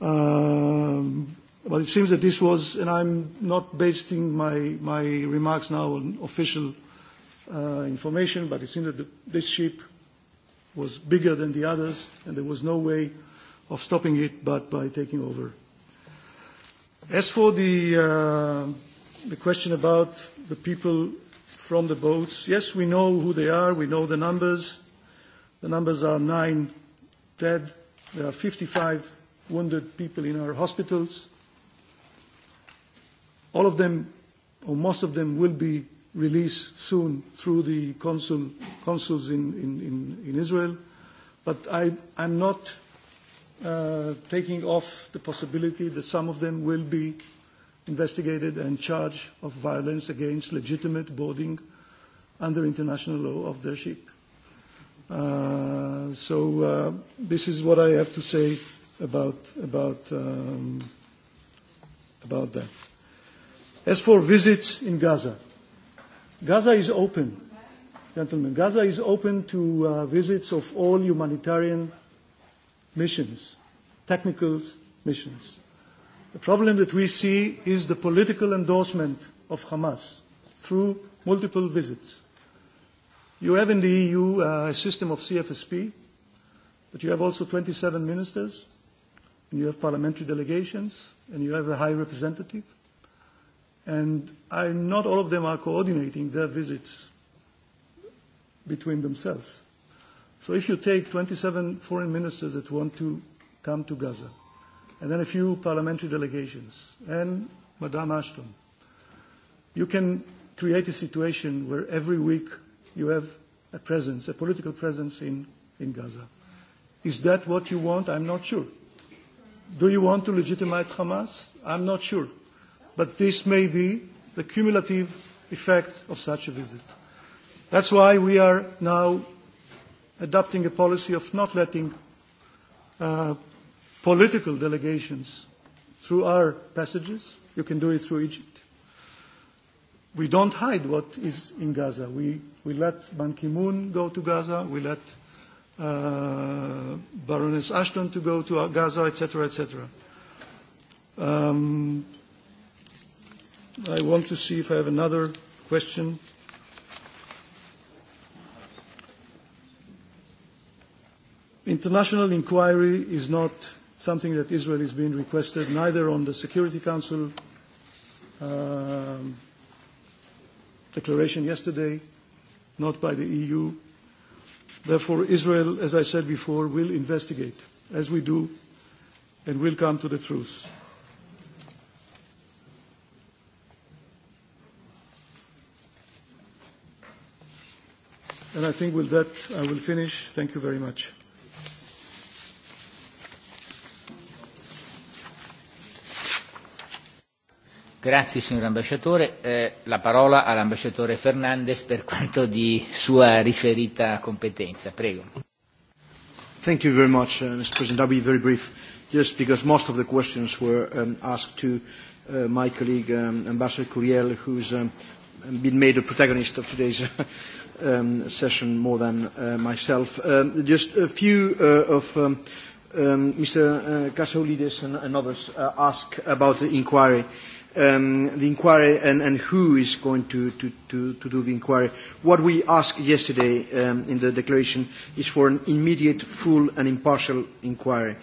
F: Um, but it seems that this was, and I'm not basing my, my remarks now on official uh, information, but it seems that the, this ship was bigger than the others, and there was no way of stopping it but by taking over. As for the, uh, the question about the people from the boats, yes, we know who they are. We know the numbers. The numbers are nine dead. There are 55 wounded people in our hospitals. All of them, or most of them, will be release soon through the consul, consuls in, in, in, in Israel. But I, I'm not uh, taking off the possibility that some of them will be investigated and charged of violence against legitimate boarding under international law of their ship. Uh, so uh, this is what I have to say about, about, um, about that. As for visits in Gaza, Gaza is open, gentlemen. Gaza is open to uh, visits of all humanitarian missions, technical missions. The problem that we see is the political endorsement of Hamas through multiple visits. You have in the EU uh, a system of CFSP, but you have also 27 ministers, and you have parliamentary delegations, and you have a high representative and I, not all of them are coordinating their visits between themselves. So if you take 27 foreign ministers that want to come to Gaza, and then a few parliamentary delegations, and Madame Ashton, you can create a situation where every week you have a presence, a political presence in, in Gaza. Is that what you want? I'm not sure. Do you want to legitimize Hamas? I'm not sure but this may be the cumulative effect of such a visit. That's why we are now adopting a policy of not letting uh, political delegations through our passages. You can do it through Egypt. We don't hide what is in Gaza. We, we let Ban Ki-moon go to Gaza. We let uh, Baroness Ashton to go to Gaza, etc., etc. Um, I want to see if I have another question. International inquiry is not something that Israel is being requested, neither on the Security Council um, declaration yesterday, not by the EU. Therefore, Israel, as I said before, will investigate, as we do, and will come to the truth. And I think with that, I will finish. Thank you very much.
A: Grazie signor ambasciatore. Eh, la parola all'ambasciatore Fernandez per quanto di sua riferita competenza. Prego.
D: Thank you very much, uh, Mr. President. I'll be very brief, just because most of the questions were um, asked to uh, my colleague, um, Ambassador Curiel, who's um, been made a protagonist of today's um, session more than uh, myself. Um, just a few uh, of um, um, Mr. Kasolidis uh, and, and others uh, ask about the inquiry. Um, the inquiry and, and who is going to, to, to, to do the inquiry. What we asked yesterday um, in the declaration is for an immediate, full and impartial inquiry.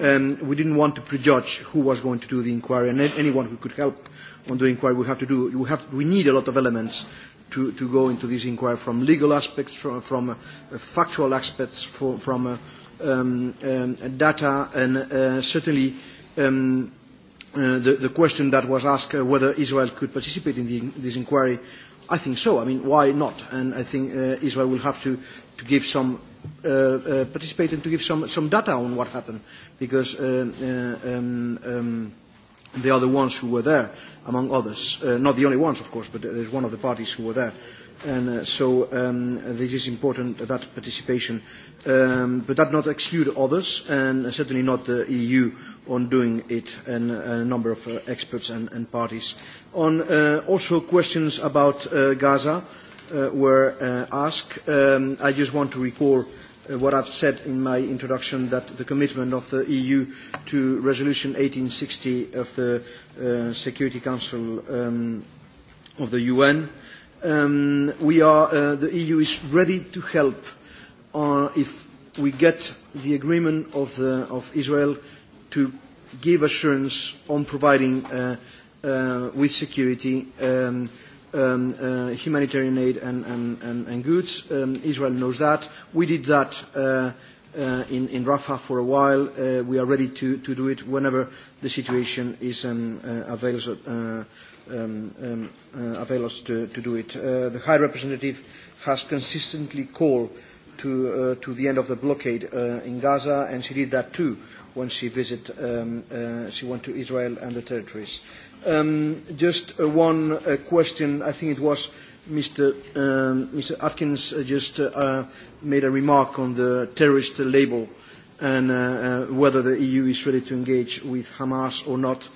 D: Um, we didn't want to prejudge who was going to do the inquiry and anyone who could help on the inquiry we have to do. We, have, we need a lot of elements to, to go into this inquiry from legal aspects, from, from uh, factual aspects, for, from uh, um, um, data, and uh, certainly um, uh, the, the question that was asked uh, whether Israel could participate in the, this inquiry, I think so. I mean, why not? And I think uh, Israel will have to, to give some uh, uh, participate and to give some, some data on what happened, because uh, uh, um, um, They are the ones who were there, among others. Uh, not the only ones, of course, but there's one of the parties who were there. And uh, so um, this is important, uh, that participation. Um, but that not exclude others, and certainly not the EU on doing it, and a number of uh, experts and, and parties. On uh, also questions about uh, Gaza uh, were uh, asked. Um, I just want to recall uh, uh, what I've said in my introduction that the commitment of the EU to Resolution 1860 of the uh, Security Council um, of the UN. Um, we are, uh, the EU is ready to help uh, if we get the agreement of, the, of Israel to give assurance on providing uh, uh, with security um, um, uh, humanitarian aid and, and, and, and goods. Um, Israel knows that. We did that uh, uh, in, in Rafah for a while. Uh, we are ready to, to do it whenever the situation is um, uh, avails, uh, um, um, uh, avails to, to do it. Uh, the High Representative has consistently called to, uh, to the end of the blockade uh, in Gaza, and she did that too when she visited um, uh, she went to Israel and the territories. Uh, Um, just uh, one uh, question. I think it was Mr. Um, Mr. Atkins uh, just uh, uh, made a remark on the terrorist label and uh, uh, whether the EU is ready to engage with Hamas or not.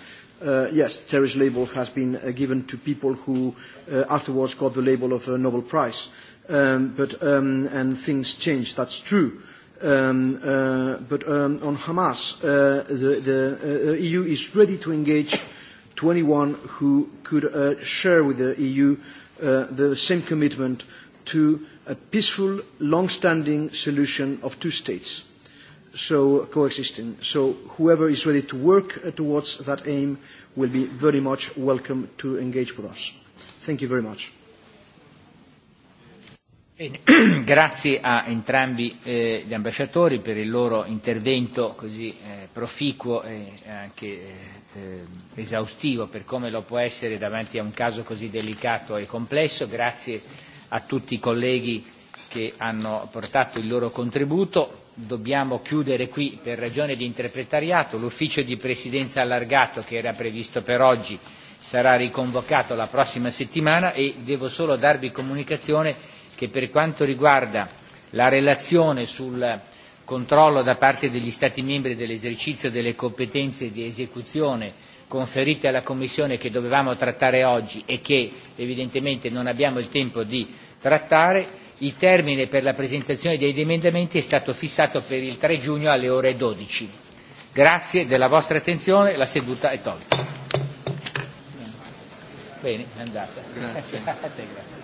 D: Uh, yes, the terrorist label has been uh, given to people who uh, afterwards got the label of a Nobel Prize. Um, but, um, and things change, that's true. Um, uh, but um, on Hamas, uh, the, the uh, EU is ready to engage uh, 21 who could uh, share with the EU uh, the same commitment to a peaceful, long-standing solution of two states, so coexisting. So whoever is ready to work uh, towards that aim will be very much welcome to engage with us. Thank you very much. Bene.
A: Grazie a entrambi eh, gli ambasciatori per il loro intervento così eh, proficuo e anche eh, eh, esaustivo per come lo può essere davanti a un caso così delicato e complesso. Grazie a tutti i colleghi che hanno portato il loro contributo. Dobbiamo chiudere qui per ragione di interpretariato. L'ufficio di presidenza allargato che era previsto per oggi sarà riconvocato la prossima settimana e devo solo darvi comunicazione che per quanto riguarda la relazione sul controllo da parte degli Stati membri dell'esercizio delle competenze di esecuzione conferite alla Commissione che dovevamo trattare oggi e che evidentemente non abbiamo il tempo di trattare, il termine per la presentazione degli emendamenti è stato fissato per il 3 giugno alle ore 12. Grazie della vostra attenzione, la seduta è tolta. Bene, è andata. Grazie. A te, grazie.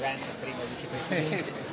A: Grande primo vicepresidente.